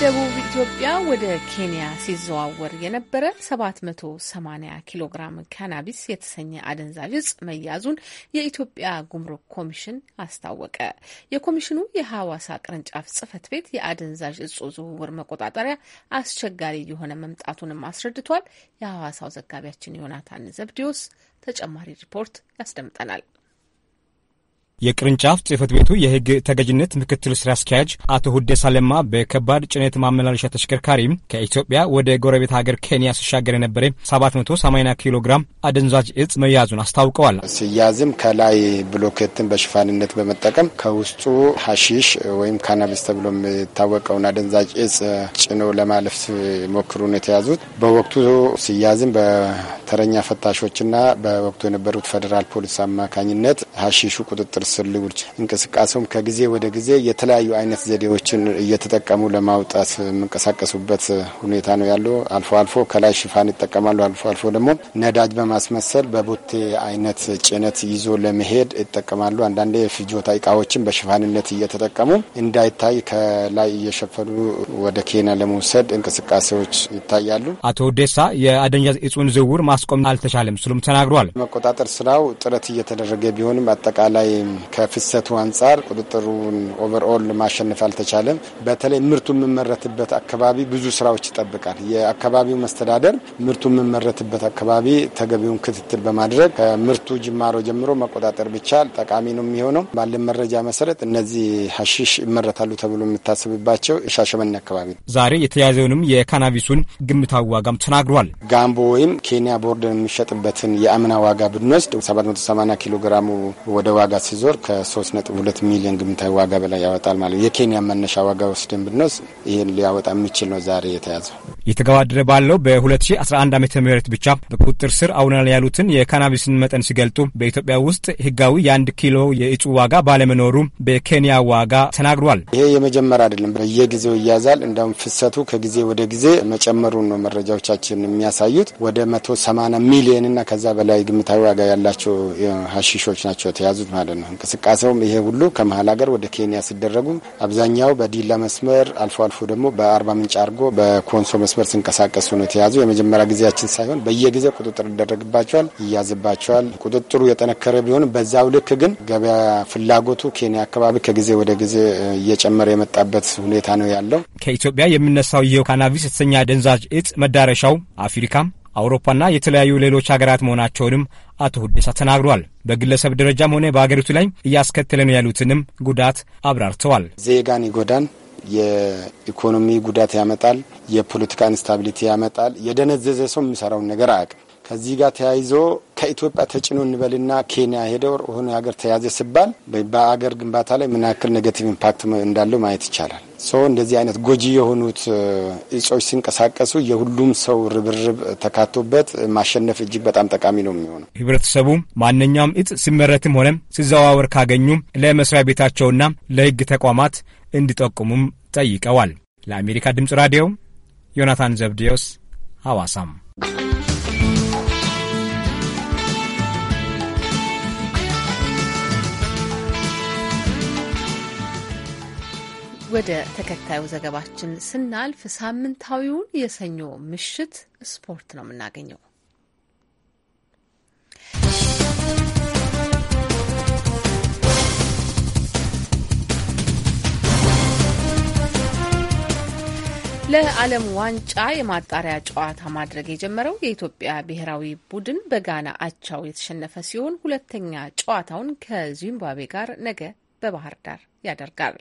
ከደቡብ ኢትዮጵያ ወደ ኬንያ ሲዘዋወር የነበረ 780 ኪሎ ግራም ካናቢስ የተሰኘ አደንዛዥ እጽ መያዙን የኢትዮጵያ ጉምሩክ ኮሚሽን አስታወቀ። የኮሚሽኑ የሐዋሳ ቅርንጫፍ ጽህፈት ቤት የአደንዛዥ እጹ ዝውውር መቆጣጠሪያ አስቸጋሪ የሆነ መምጣቱንም አስረድቷል። የሐዋሳው ዘጋቢያችን ዮናታን ዘብዲዮስ ተጨማሪ ሪፖርት ያስደምጠናል። የቅርንጫፍ ጽህፈት ቤቱ የህግ ተገዥነት ምክትል ስራ አስኪያጅ አቶ ሁደሳ ለማ በከባድ ጭነት ማመላለሻ ተሽከርካሪ ከኢትዮጵያ ወደ ጎረቤት ሀገር ኬንያ ሲሻገር የነበረ 780 ኪሎ ግራም አደንዛዥ እጽ መያዙን አስታውቀዋል። ሲያዝም ከላይ ብሎኬትን በሽፋንነት በመጠቀም ከውስጡ ሀሺሽ ወይም ካናቢስ ተብሎ የሚታወቀውን አደንዛዥ እጽ ጭኖ ለማለፍ ሞክሩ ነው የተያዙት። በወቅቱ ሲያዝም በተረኛ ፈታሾችና በወቅቱ የነበሩት ፌዴራል ፖሊስ አማካኝነት ሀሺሹ ቁጥጥር የስር ልውውጥ እንቅስቃሴውም ከጊዜ ወደ ጊዜ የተለያዩ አይነት ዘዴዎችን እየተጠቀሙ ለማውጣት የምንቀሳቀሱበት ሁኔታ ነው ያለው። አልፎ አልፎ ከላይ ሽፋን ይጠቀማሉ። አልፎ አልፎ ደግሞ ነዳጅ በማስመሰል በቦቴ አይነት ጭነት ይዞ ለመሄድ ይጠቀማሉ። አንዳንዴ የፍጆታ እቃዎችን በሽፋንነት እየተጠቀሙ እንዳይታይ ከላይ እየሸፈኑ ወደ ኬንያ ለመውሰድ እንቅስቃሴዎች ይታያሉ። አቶ ደሳ የአደንዛዥ እጽን ዝውውር ማስቆም አልተቻለም ስሉም ተናግሯል። መቆጣጠር ስራው ጥረት እየተደረገ ቢሆንም አጠቃላይ ከፍሰቱ አንጻር ቁጥጥሩን ኦቨርኦል ማሸነፍ አልተቻለም። በተለይ ምርቱ የምመረትበት አካባቢ ብዙ ስራዎች ይጠብቃል። የአካባቢው መስተዳደር ምርቱ የምመረትበት አካባቢ ተገቢውን ክትትል በማድረግ ከምርቱ ጅማሮ ጀምሮ መቆጣጠር ብቻ ጠቃሚ ነው የሚሆነው። ባለን መረጃ መሰረት እነዚህ ሀሺሽ ይመረታሉ ተብሎ የምታስብባቸው ሻሸመኔ አካባቢ ነው። ዛሬ የተያዘውንም የካናቢሱን ግምታዊ ዋጋም ተናግሯል። ጋምቦ ወይም ኬንያ ቦርደር የሚሸጥበትን የአምና ዋጋ ብንወስድ 780 ኪሎ ግራሙ ወደ ዋጋ ሲዞ ዞር ከ3.2 ሚሊዮን ግምታዊ ዋጋ በላይ ያወጣል ማለት የኬንያ መነሻ ዋጋ ወስደን ብንወስ ይህን ሊያወጣ የሚችል ነው። ዛሬ የተያዘው የተገባደረ ባለው በ2011 ዓ ም ብቻ በቁጥጥር ስር አውናል ያሉትን የካናቢስን መጠን ሲገልጡ በኢትዮጵያ ውስጥ ህጋዊ የአንድ ኪሎ የእጩ ዋጋ ባለመኖሩ በኬንያ ዋጋ ተናግሯል። ይሄ የመጀመሪያ አይደለም፣ በየጊዜው ይያዛል። እንደውም ፍሰቱ ከጊዜ ወደ ጊዜ መጨመሩን ነው መረጃዎቻችን የሚያሳዩት። ወደ 180 ሚሊዮን እና ከዛ በላይ ግምታዊ ዋጋ ያላቸው ሀሺሾች ናቸው የተያዙት ማለት ነው። እንቅስቃሴውም ይሄ ሁሉ ከመሀል ሀገር ወደ ኬንያ ሲደረጉ አብዛኛው በዲላ መስመር አልፎ አልፎ ደግሞ በአርባ ምንጭ አድርጎ በኮንሶ መስመር ሲንቀሳቀሱ ነው የተያዙ። የመጀመሪያ ጊዜያችን ሳይሆን በየጊዜው ቁጥጥር ይደረግባቸዋል፣ ይያዝባቸዋል። ቁጥጥሩ የጠነከረ ቢሆንም በዛው ልክ ግን ገበያ ፍላጎቱ ኬንያ አካባቢ ከጊዜ ወደ ጊዜ እየጨመረ የመጣበት ሁኔታ ነው ያለው። ከኢትዮጵያ የሚነሳው ይኸው ካናቢስ የተሰኘ አደንዛዥ እጽ መዳረሻው አፍሪካ፣ አውሮፓና የተለያዩ ሌሎች ሀገራት መሆናቸውንም አቶ ሁዴሳ ተናግሯል። በግለሰብ ደረጃም ሆነ በሀገሪቱ ላይ እያስከተለ ነው ያሉትንም ጉዳት አብራርተዋል። ዜጋን ይጎዳን፣ የኢኮኖሚ ጉዳት ያመጣል፣ የፖለቲካ ኢንስታቢሊቲ ያመጣል። የደነዘዘ ሰው የሚሰራውን ነገር አያውቅም። ከዚህ ጋር ተያይዞ ከኢትዮጵያ ተጭኖ እንበልና ኬንያ ሄደው ሆነ ሀገር ተያዘ ሲባል በአገር ግንባታ ላይ ምን ያክል ኔጌቲቭ ኢምፓክት እንዳለው ማየት ይቻላል። ሰው እንደዚህ አይነት ጎጂ የሆኑት እጾች ሲንቀሳቀሱ የሁሉም ሰው ርብርብ ተካቶበት ማሸነፍ እጅግ በጣም ጠቃሚ ነው የሚሆነው። ህብረተሰቡ ማንኛውም እጽ ሲመረትም ሆነ ሲዘዋወር ካገኙ ለመስሪያ ቤታቸውና ለህግ ተቋማት እንዲጠቁሙም ጠይቀዋል። ለአሜሪካ ድምጽ ራዲዮ ዮናታን ዘብዲዮስ ሐዋሳም ወደ ተከታዩ ዘገባችን ስናልፍ ሳምንታዊውን የሰኞ ምሽት ስፖርት ነው የምናገኘው። ለዓለም ዋንጫ የማጣሪያ ጨዋታ ማድረግ የጀመረው የኢትዮጵያ ብሔራዊ ቡድን በጋና አቻው የተሸነፈ ሲሆን ሁለተኛ ጨዋታውን ከዚምባብዌ ጋር ነገ በባህር ዳር ያደርጋል።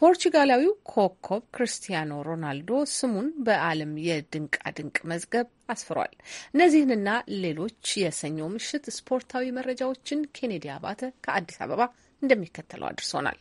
ፖርቹጋላዊው ኮከብ ክርስቲያኖ ሮናልዶ ስሙን በዓለም የድንቃ ድንቅ መዝገብ አስፍሯል። እነዚህንና ሌሎች የሰኞ ምሽት ስፖርታዊ መረጃዎችን ኬኔዲ አባተ ከአዲስ አበባ እንደሚከተለው አድርሶናል።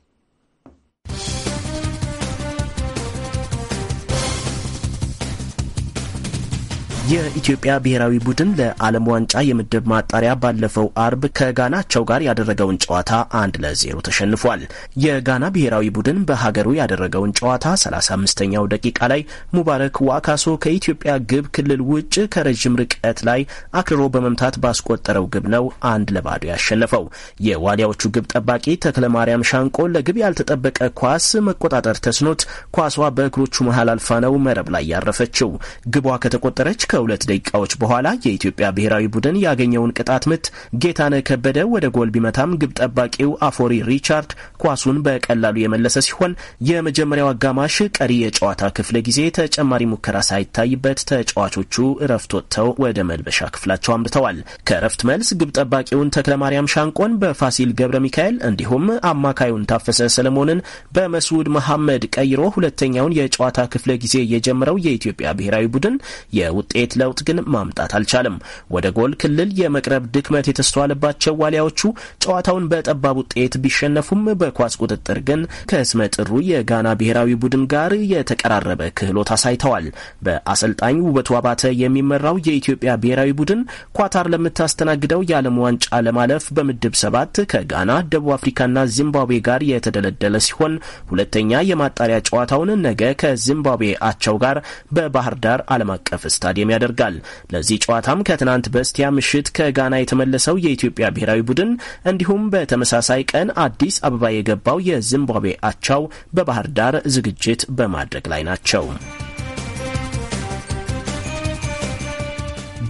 የኢትዮጵያ ብሔራዊ ቡድን ለዓለም ዋንጫ የምድብ ማጣሪያ ባለፈው አርብ ከጋናቸው ጋር ያደረገውን ጨዋታ አንድ ለዜሮ ተሸንፏል። የጋና ብሔራዊ ቡድን በሀገሩ ያደረገውን ጨዋታ 35ኛው ደቂቃ ላይ ሙባረክ ዋካሶ ከኢትዮጵያ ግብ ክልል ውጭ ከረዥም ርቀት ላይ አክርሮ በመምታት ባስቆጠረው ግብ ነው አንድ ለባዶ ያሸነፈው። የዋሊያዎቹ ግብ ጠባቂ ተክለ ማርያም ሻንቆ ለግብ ያልተጠበቀ ኳስ መቆጣጠር ተስኖት ኳሷ በእግሮቹ መሀል አልፋ ነው መረብ ላይ ያረፈችው። ግቧ ከተቆጠረች ከሁለት ደቂቃዎች በኋላ የኢትዮጵያ ብሔራዊ ቡድን ያገኘውን ቅጣት ምት ጌታነህ ከበደ ወደ ጎል ቢመታም ግብ ጠባቂው አፎሪ ሪቻርድ ኳሱን በቀላሉ የመለሰ ሲሆን የመጀመሪያው አጋማሽ ቀሪ የጨዋታ ክፍለ ጊዜ ተጨማሪ ሙከራ ሳይታይበት ተጫዋቾቹ እረፍት ወጥተው ወደ መልበሻ ክፍላቸው አምርተዋል። ከእረፍት መልስ ግብ ጠባቂውን ተክለማርያም ሻንቆን በፋሲል ገብረ ሚካኤል እንዲሁም አማካዩን ታፈሰ ሰለሞንን በመስዑድ መሐመድ ቀይሮ ሁለተኛውን የጨዋታ ክፍለ ጊዜ የጀመረው የኢትዮጵያ ብሔራዊ ቡድን የውጤ ውጤት ለውጥ ግን ማምጣት አልቻለም። ወደ ጎል ክልል የመቅረብ ድክመት የተስተዋለባቸው ዋሊያዎቹ ጨዋታውን በጠባብ ውጤት ቢሸነፉም በኳስ ቁጥጥር ግን ከስመ ጥሩ የጋና ብሔራዊ ቡድን ጋር የተቀራረበ ክህሎት አሳይተዋል። በአሰልጣኝ ውበቱ አባተ የሚመራው የኢትዮጵያ ብሔራዊ ቡድን ኳታር ለምታስተናግደው የዓለም ዋንጫ ለማለፍ በምድብ ሰባት ከጋና፣ ደቡብ አፍሪካና ዚምባብዌ ጋር የተደለደለ ሲሆን ሁለተኛ የማጣሪያ ጨዋታውን ነገ ከዚምባብዌ አቻው ጋር በባህር ዳር ዓለም አቀፍ ስታዲየም እንዲቆም ያደርጋል። ለዚህ ጨዋታም ከትናንት በስቲያ ምሽት ከጋና የተመለሰው የኢትዮጵያ ብሔራዊ ቡድን እንዲሁም በተመሳሳይ ቀን አዲስ አበባ የገባው የዚምባብዌ አቻው በባህር ዳር ዝግጅት በማድረግ ላይ ናቸው።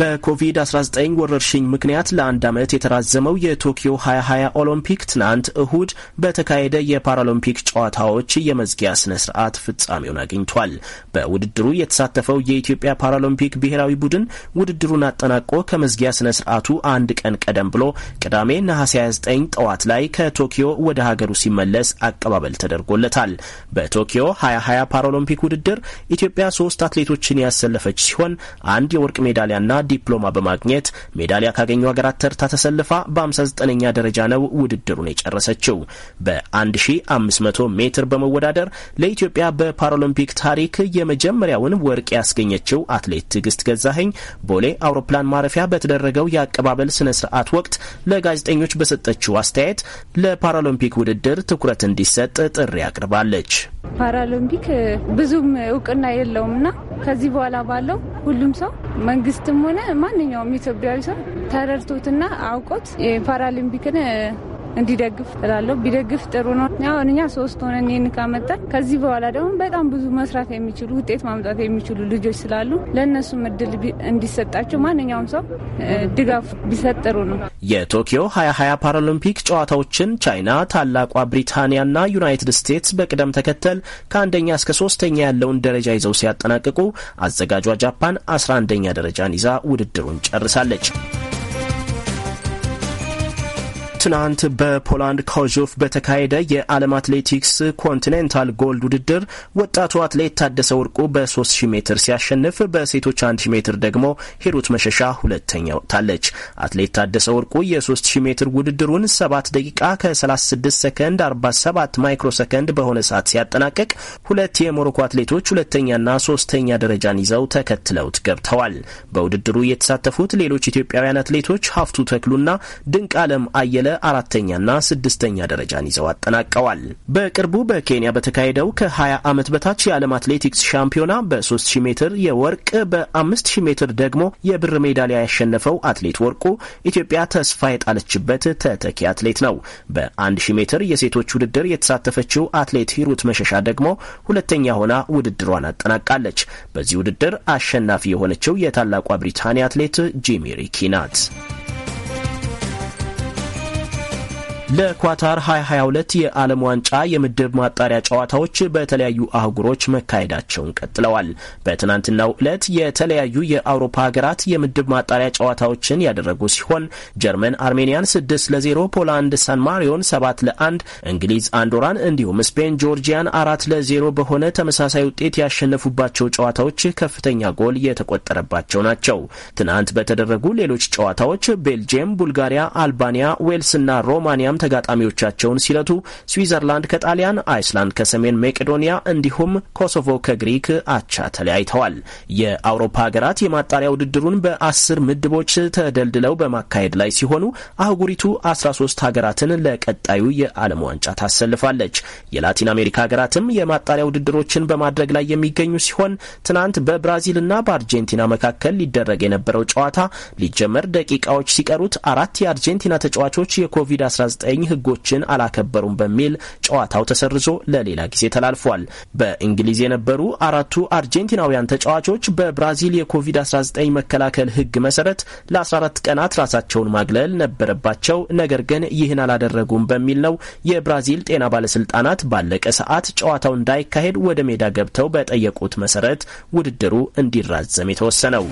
በኮቪድ-19 ወረርሽኝ ምክንያት ለአንድ ዓመት የተራዘመው የቶኪዮ 2020 ኦሎምፒክ ትናንት እሁድ በተካሄደ የፓራሎምፒክ ጨዋታዎች የመዝጊያ ስነ ስርዓት ፍጻሜውን አግኝቷል። በውድድሩ የተሳተፈው የኢትዮጵያ ፓራሎምፒክ ብሔራዊ ቡድን ውድድሩን አጠናቆ ከመዝጊያ ስነ ስርዓቱ አንድ ቀን ቀደም ብሎ ቅዳሜ ነሐሴ 29 ጠዋት ላይ ከቶኪዮ ወደ ሀገሩ ሲመለስ አቀባበል ተደርጎለታል። በቶኪዮ 2020 ፓራሎምፒክ ውድድር ኢትዮጵያ ሶስት አትሌቶችን ያሰለፈች ሲሆን አንድ የወርቅ ሜዳሊያና ዲፕሎማ በማግኘት ሜዳሊያ ካገኙ ሀገራት ተርታ ተሰልፋ በ59ኛ ደረጃ ነው ውድድሩን የጨረሰችው። በ1500 ሜትር በመወዳደር ለኢትዮጵያ በፓራሎምፒክ ታሪክ የመጀመሪያውን ወርቅ ያስገኘችው አትሌት ትዕግስት ገዛኸኝ ቦሌ አውሮፕላን ማረፊያ በተደረገው የአቀባበል ስነ ስርዓት ወቅት ለጋዜጠኞች በሰጠችው አስተያየት ለፓራሎምፒክ ውድድር ትኩረት እንዲሰጥ ጥሪ አቅርባለች። ፓራሎምፒክ ብዙም እውቅና የለውምና ከዚህ በኋላ ባለው ሁሉም ሰው መንግስትም ሆነ ማንኛውም ኢትዮጵያዊ ሰው ተረድቶትና አውቆት የፓራሊምፒክን እንዲደግፍ እላለሁ። ቢደግፍ ጥሩ ነው። አሁን እኛ ሶስት ሆነን ይህን ካመጣን ከዚህ በኋላ ደግሞ በጣም ብዙ መስራት የሚችሉ ውጤት ማምጣት የሚችሉ ልጆች ስላሉ ለእነሱም እድል እንዲሰጣቸው ማንኛውም ሰው ድጋፍ ቢሰጥ ጥሩ ነው። የቶኪዮ 2020 ፓራሊምፒክ ጨዋታዎችን ቻይና፣ ታላቋ ብሪታንያና ዩናይትድ ስቴትስ በቅደም ተከተል ከአንደኛ እስከ ሶስተኛ ያለውን ደረጃ ይዘው ሲያጠናቅቁ አዘጋጇ ጃፓን 11ኛ ደረጃን ይዛ ውድድሩን ጨርሳለች። ትናንት በፖላንድ ኮዦቭ በተካሄደ የዓለም አትሌቲክስ ኮንቲኔንታል ጎልድ ውድድር ወጣቱ አትሌት ታደሰ ወርቁ በ3000 ሜትር ሲያሸንፍ በሴቶች 1000 ሜትር ደግሞ ሂሩት መሸሻ ሁለተኛ ወጥታለች። አትሌት ታደሰ ወርቁ የ3000 ሜትር ውድድሩን 7 ደቂቃ ከ36 ሰከንድ 47 ማይክሮ ሰከንድ በሆነ ሰዓት ሲያጠናቀቅ። ሁለት የሞሮኮ አትሌቶች ሁለተኛና ሶስተኛ ደረጃን ይዘው ተከትለውት ገብተዋል። በውድድሩ የተሳተፉት ሌሎች ኢትዮጵያውያን አትሌቶች ሀፍቱ ተክሉና ድንቅ አለም አየለ አራተኛና ስድስተኛ ደረጃን ይዘው አጠናቀዋል። በቅርቡ በኬንያ በተካሄደው ከ20 ዓመት በታች የዓለም አትሌቲክስ ሻምፒዮና በ3000 ሜትር የወርቅ በ5000 ሜትር ደግሞ የብር ሜዳሊያ ያሸነፈው አትሌት ወርቁ ኢትዮጵያ ተስፋ የጣለችበት ተተኪ አትሌት ነው። በ1000 ሜትር የሴቶች ውድድር የተሳተፈችው አትሌት ሂሩት መሸሻ ደግሞ ሁለተኛ ሆና ውድድሯን አጠናቃለች። በዚህ ውድድር አሸናፊ የሆነችው የታላቋ ብሪታንያ አትሌት ጂሚ ሪኪ ናት። ለኳታር 2022 የዓለም ዋንጫ የምድብ ማጣሪያ ጨዋታዎች በተለያዩ አህጉሮች መካሄዳቸውን ቀጥለዋል። በትናንትናው ዕለት የተለያዩ የአውሮፓ ሀገራት የምድብ ማጣሪያ ጨዋታዎችን ያደረጉ ሲሆን ጀርመን አርሜኒያን 6 ለ0፣ ፖላንድ ሳን ማሪዮን 7 ለ1፣ እንግሊዝ አንዶራን እንዲሁም ስፔን ጆርጂያን 4 ለ0 በሆነ ተመሳሳይ ውጤት ያሸነፉባቸው ጨዋታዎች ከፍተኛ ጎል የተቆጠረባቸው ናቸው። ትናንት በተደረጉ ሌሎች ጨዋታዎች ቤልጅየም፣ ቡልጋሪያ፣ አልባንያ፣ ዌልስና ሮማኒያም ተጋጣሚዎቻቸውን ሲለቱ ስዊዘርላንድ ከጣሊያን፣ አይስላንድ ከሰሜን ሜቄዶኒያ እንዲሁም ኮሶቮ ከግሪክ አቻ ተለያይተዋል። የአውሮፓ ሀገራት የማጣሪያ ውድድሩን በአስር ምድቦች ተደልድለው በማካሄድ ላይ ሲሆኑ አህጉሪቱ 13 ሀገራትን ለቀጣዩ የዓለም ዋንጫ ታሰልፋለች። የላቲን አሜሪካ ሀገራትም የማጣሪያ ውድድሮችን በማድረግ ላይ የሚገኙ ሲሆን ትናንት በብራዚልና በአርጀንቲና መካከል ሊደረግ የነበረው ጨዋታ ሊጀመር ደቂቃዎች ሲቀሩት አራት የአርጀንቲና ተጫዋቾች የኮቪድ-19 ዘጠኝ ህጎችን አላከበሩም በሚል ጨዋታው ተሰርዞ ለሌላ ጊዜ ተላልፏል። በእንግሊዝ የነበሩ አራቱ አርጀንቲናውያን ተጫዋቾች በብራዚል የኮቪድ-19 መከላከል ህግ መሰረት ለ14 ቀናት ራሳቸውን ማግለል ነበረባቸው። ነገር ግን ይህን አላደረጉም በሚል ነው የብራዚል ጤና ባለስልጣናት ባለቀ ሰዓት ጨዋታው እንዳይካሄድ ወደ ሜዳ ገብተው በጠየቁት መሰረት ውድድሩ እንዲራዘም የተወሰነው።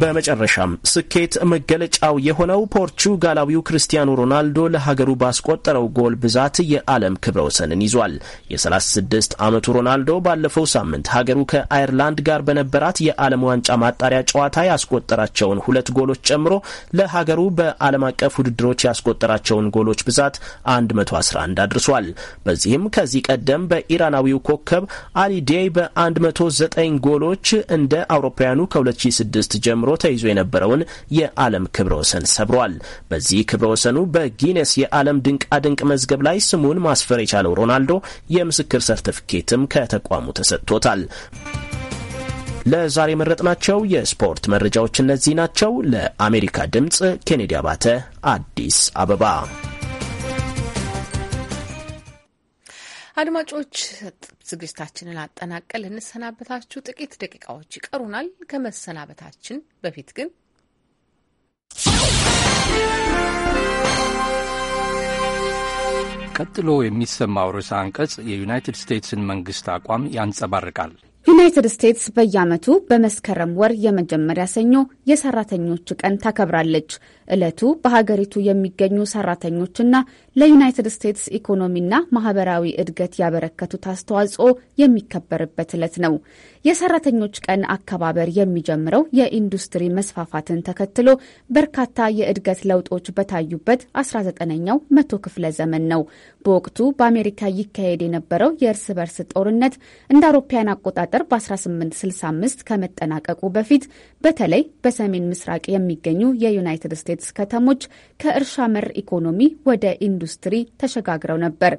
በመጨረሻም ስኬት መገለጫው የሆነው ፖርቹጋላዊው ክርስቲያኖ ሮናልዶ ለሀገሩ ባስቆጠረው ጎል ብዛት የዓለም ክብረ ወሰንን ይዟል። የ36 ዓመቱ ሮናልዶ ባለፈው ሳምንት ሀገሩ ከአየርላንድ ጋር በነበራት የዓለም ዋንጫ ማጣሪያ ጨዋታ ያስቆጠራቸውን ሁለት ጎሎች ጨምሮ ለሀገሩ በዓለም አቀፍ ውድድሮች ያስቆጠራቸውን ጎሎች ብዛት 111 አድርሷል። በዚህም ከዚህ ቀደም በኢራናዊው ኮከብ አሊ ዴይ በ109 ጎሎች እንደ አውሮፓውያኑ ከ2006 ጀምሮ ጀምሮ ተይዞ የነበረውን የዓለም ክብረ ወሰን ሰብሯል። በዚህ ክብረ ወሰኑ በጊኔስ የዓለም ድንቃድንቅ መዝገብ ላይ ስሙን ማስፈር የቻለው ሮናልዶ የምስክር ሰርተፍኬትም ከተቋሙ ተሰጥቶታል። ለዛሬ የመረጥናቸው የስፖርት መረጃዎች እነዚህ ናቸው። ለአሜሪካ ድምፅ ኬኔዲ አባተ አዲስ አበባ አድማጮች ዝግጅታችንን አጠናቀል ልንሰናበታችሁ ጥቂት ደቂቃዎች ይቀሩናል። ከመሰናበታችን በፊት ግን ቀጥሎ የሚሰማው ርዕሰ አንቀጽ የዩናይትድ ስቴትስን መንግስት አቋም ያንጸባርቃል። ዩናይትድ ስቴትስ በየዓመቱ በመስከረም ወር የመጀመሪያ ሰኞ የሰራተኞች ቀን ታከብራለች። እለቱ በሀገሪቱ የሚገኙ ሰራተኞችና ለዩናይትድ ስቴትስ ኢኮኖሚና ማህበራዊ እድገት ያበረከቱት አስተዋጽኦ የሚከበርበት ዕለት ነው። የሰራተኞች ቀን አከባበር የሚጀምረው የኢንዱስትሪ መስፋፋትን ተከትሎ በርካታ የእድገት ለውጦች በታዩበት 19ኛው መቶ ክፍለ ዘመን ነው። በወቅቱ በአሜሪካ ይካሄድ የነበረው የእርስ በርስ ጦርነት እንደ አውሮፓያን አቆጣጠር በ1865 ከመጠናቀቁ በፊት በተለይ በሰሜን ምስራቅ የሚገኙ የዩናይትድ ስቴትስ ስቴትስ ከተሞች ከእርሻ መር ኢኮኖሚ ወደ ኢንዱስትሪ ተሸጋግረው ነበር።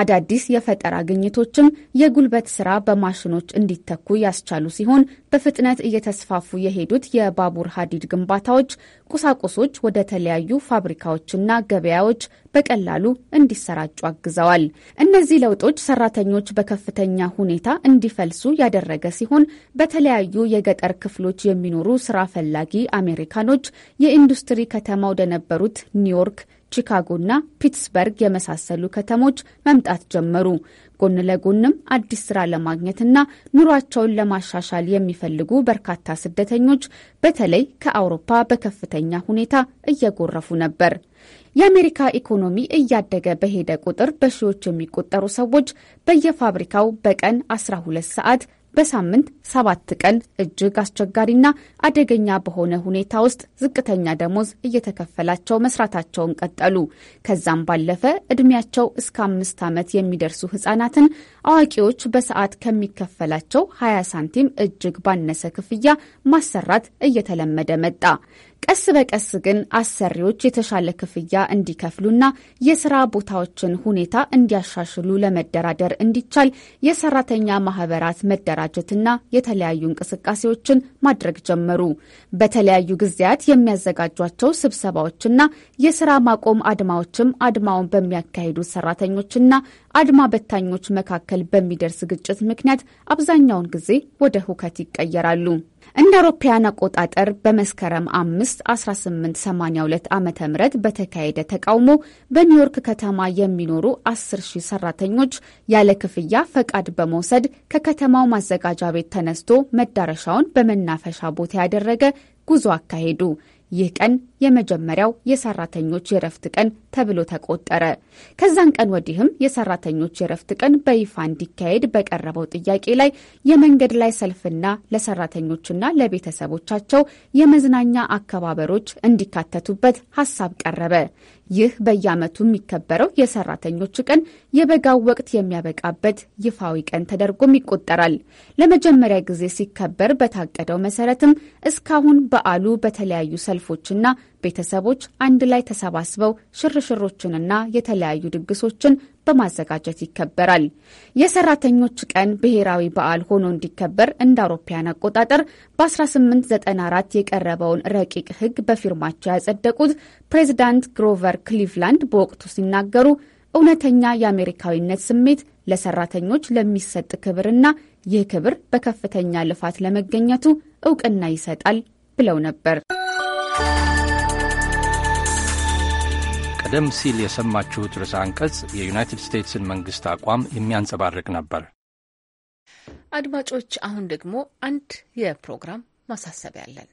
አዳዲስ የፈጠራ ግኝቶችም የጉልበት ስራ በማሽኖች እንዲተኩ ያስቻሉ ሲሆን በፍጥነት እየተስፋፉ የሄዱት የባቡር ሀዲድ ግንባታዎች ቁሳቁሶች ወደ ተለያዩ ፋብሪካዎችና ገበያዎች በቀላሉ እንዲሰራጩ አግዘዋል። እነዚህ ለውጦች ሰራተኞች በከፍተኛ ሁኔታ እንዲፈልሱ ያደረገ ሲሆን በተለያዩ የገጠር ክፍሎች የሚኖሩ ስራ ፈላጊ አሜሪካኖች የኢንዱስትሪ ከተማ ወደነበሩት ኒውዮርክ ቺካጎና ፒትስበርግ የመሳሰሉ ከተሞች መምጣት ጀመሩ። ጎን ለጎንም አዲስ ስራ ለማግኘትና ኑሯቸውን ለማሻሻል የሚፈልጉ በርካታ ስደተኞች በተለይ ከአውሮፓ በከፍተኛ ሁኔታ እየጎረፉ ነበር። የአሜሪካ ኢኮኖሚ እያደገ በሄደ ቁጥር በሺዎች የሚቆጠሩ ሰዎች በየፋብሪካው በቀን 12 ሰዓት በሳምንት ሰባት ቀን እጅግ አስቸጋሪና አደገኛ በሆነ ሁኔታ ውስጥ ዝቅተኛ ደሞዝ እየተከፈላቸው መስራታቸውን ቀጠሉ። ከዛም ባለፈ እድሜያቸው እስከ አምስት ዓመት የሚደርሱ ህጻናትን አዋቂዎች በሰዓት ከሚከፈላቸው 20 ሳንቲም እጅግ ባነሰ ክፍያ ማሰራት እየተለመደ መጣ። ቀስ በቀስ ግን አሰሪዎች የተሻለ ክፍያ እንዲከፍሉና የስራ ቦታዎችን ሁኔታ እንዲያሻሽሉ ለመደራደር እንዲቻል የሰራተኛ ማህበራት መደራጀትና የተለያዩ እንቅስቃሴዎችን ማድረግ ጀመሩ። በተለያዩ ጊዜያት የሚያዘጋጇቸው ስብሰባዎችና የስራ ማቆም አድማዎችም አድማውን በሚያካሂዱ ሰራተኞችና አድማ በታኞች መካከል በሚደርስ ግጭት ምክንያት አብዛኛውን ጊዜ ወደ ሁከት ይቀየራሉ። እንደ አውሮፓውያን አቆጣጠር በመስከረም 5 1882 ዓ ም በተካሄደ ተቃውሞ በኒውዮርክ ከተማ የሚኖሩ 10,000 ሰራተኞች ያለ ክፍያ ፈቃድ በመውሰድ ከከተማው ማዘጋጃ ቤት ተነስቶ መዳረሻውን በመናፈሻ ቦታ ያደረገ ጉዞ አካሄዱ። ይህ ቀን የመጀመሪያው የሰራተኞች የረፍት ቀን ተብሎ ተቆጠረ። ከዛን ቀን ወዲህም የሰራተኞች የረፍት ቀን በይፋ እንዲካሄድ በቀረበው ጥያቄ ላይ የመንገድ ላይ ሰልፍና ለሰራተኞችና ለቤተሰቦቻቸው የመዝናኛ አከባበሮች እንዲካተቱበት ሀሳብ ቀረበ። ይህ በየዓመቱ የሚከበረው የሰራተኞች ቀን የበጋው ወቅት የሚያበቃበት ይፋዊ ቀን ተደርጎም ይቆጠራል። ለመጀመሪያ ጊዜ ሲከበር በታቀደው መሰረትም እስካሁን በዓሉ በተለያዩ ሰልፎችና ቤተሰቦች አንድ ላይ ተሰባስበው ሽርሽሮችንና የተለያዩ ድግሶችን በማዘጋጀት ይከበራል። የሰራተኞች ቀን ብሔራዊ በዓል ሆኖ እንዲከበር እንደ አውሮፓያን አቆጣጠር በ1894 የቀረበውን ረቂቅ ሕግ በፊርማቸው ያጸደቁት ፕሬዚዳንት ግሮቨር ክሊቭላንድ በወቅቱ ሲናገሩ እውነተኛ የአሜሪካዊነት ስሜት ለሰራተኞች ለሚሰጥ ክብርና ይህ ክብር በከፍተኛ ልፋት ለመገኘቱ እውቅና ይሰጣል ብለው ነበር። ቀደም ሲል የሰማችሁት ርዕሰ አንቀጽ የዩናይትድ ስቴትስን መንግስት አቋም የሚያንጸባርቅ ነበር። አድማጮች፣ አሁን ደግሞ አንድ የፕሮግራም ማሳሰቢያ አለን።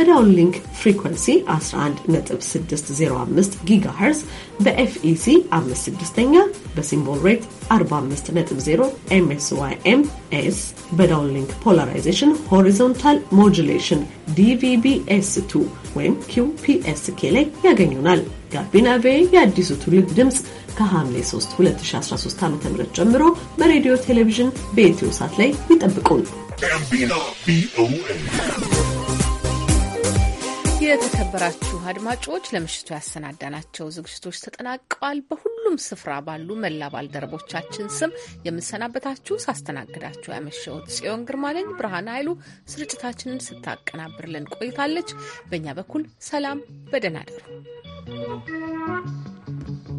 በዳውን ሊንክ ፍሪኩንሲ 11605 ጊጋሄርዝ በኤፍኢሲ 56ኛ በሲምቦል ሬት 450 ኤምኤስዋኤምኤስ በዳውን ሊንክ ፖላራይዜሽን ሆሪዞንታል ሞጁሌሽን ዲቪቢኤስ2 ወይም ኪውፒኤስኬ ላይ ያገኙናል። ጋቢና ቬ የአዲሱ ትውልድ ድምፅ ከሐምሌ 3 2013 ዓ ም ጀምሮ በሬዲዮ ቴሌቪዥን በኢትዮ ሳት ላይ ይጠብቁን። የተከበራችሁ አድማጮች ለምሽቱ ያሰናዳናቸው ዝግጅቶች ተጠናቀዋል። በሁሉም ስፍራ ባሉ መላ ባልደረቦቻችን ስም የምሰናበታችሁ ሳስተናግዳችሁ ያመሸሁት ጽዮን ግርማ ነኝ። ብርሃን ኃይሉ ስርጭታችንን ስታቀናብርልን ቆይታለች። በእኛ በኩል ሰላም፣ በደህና አደሩ።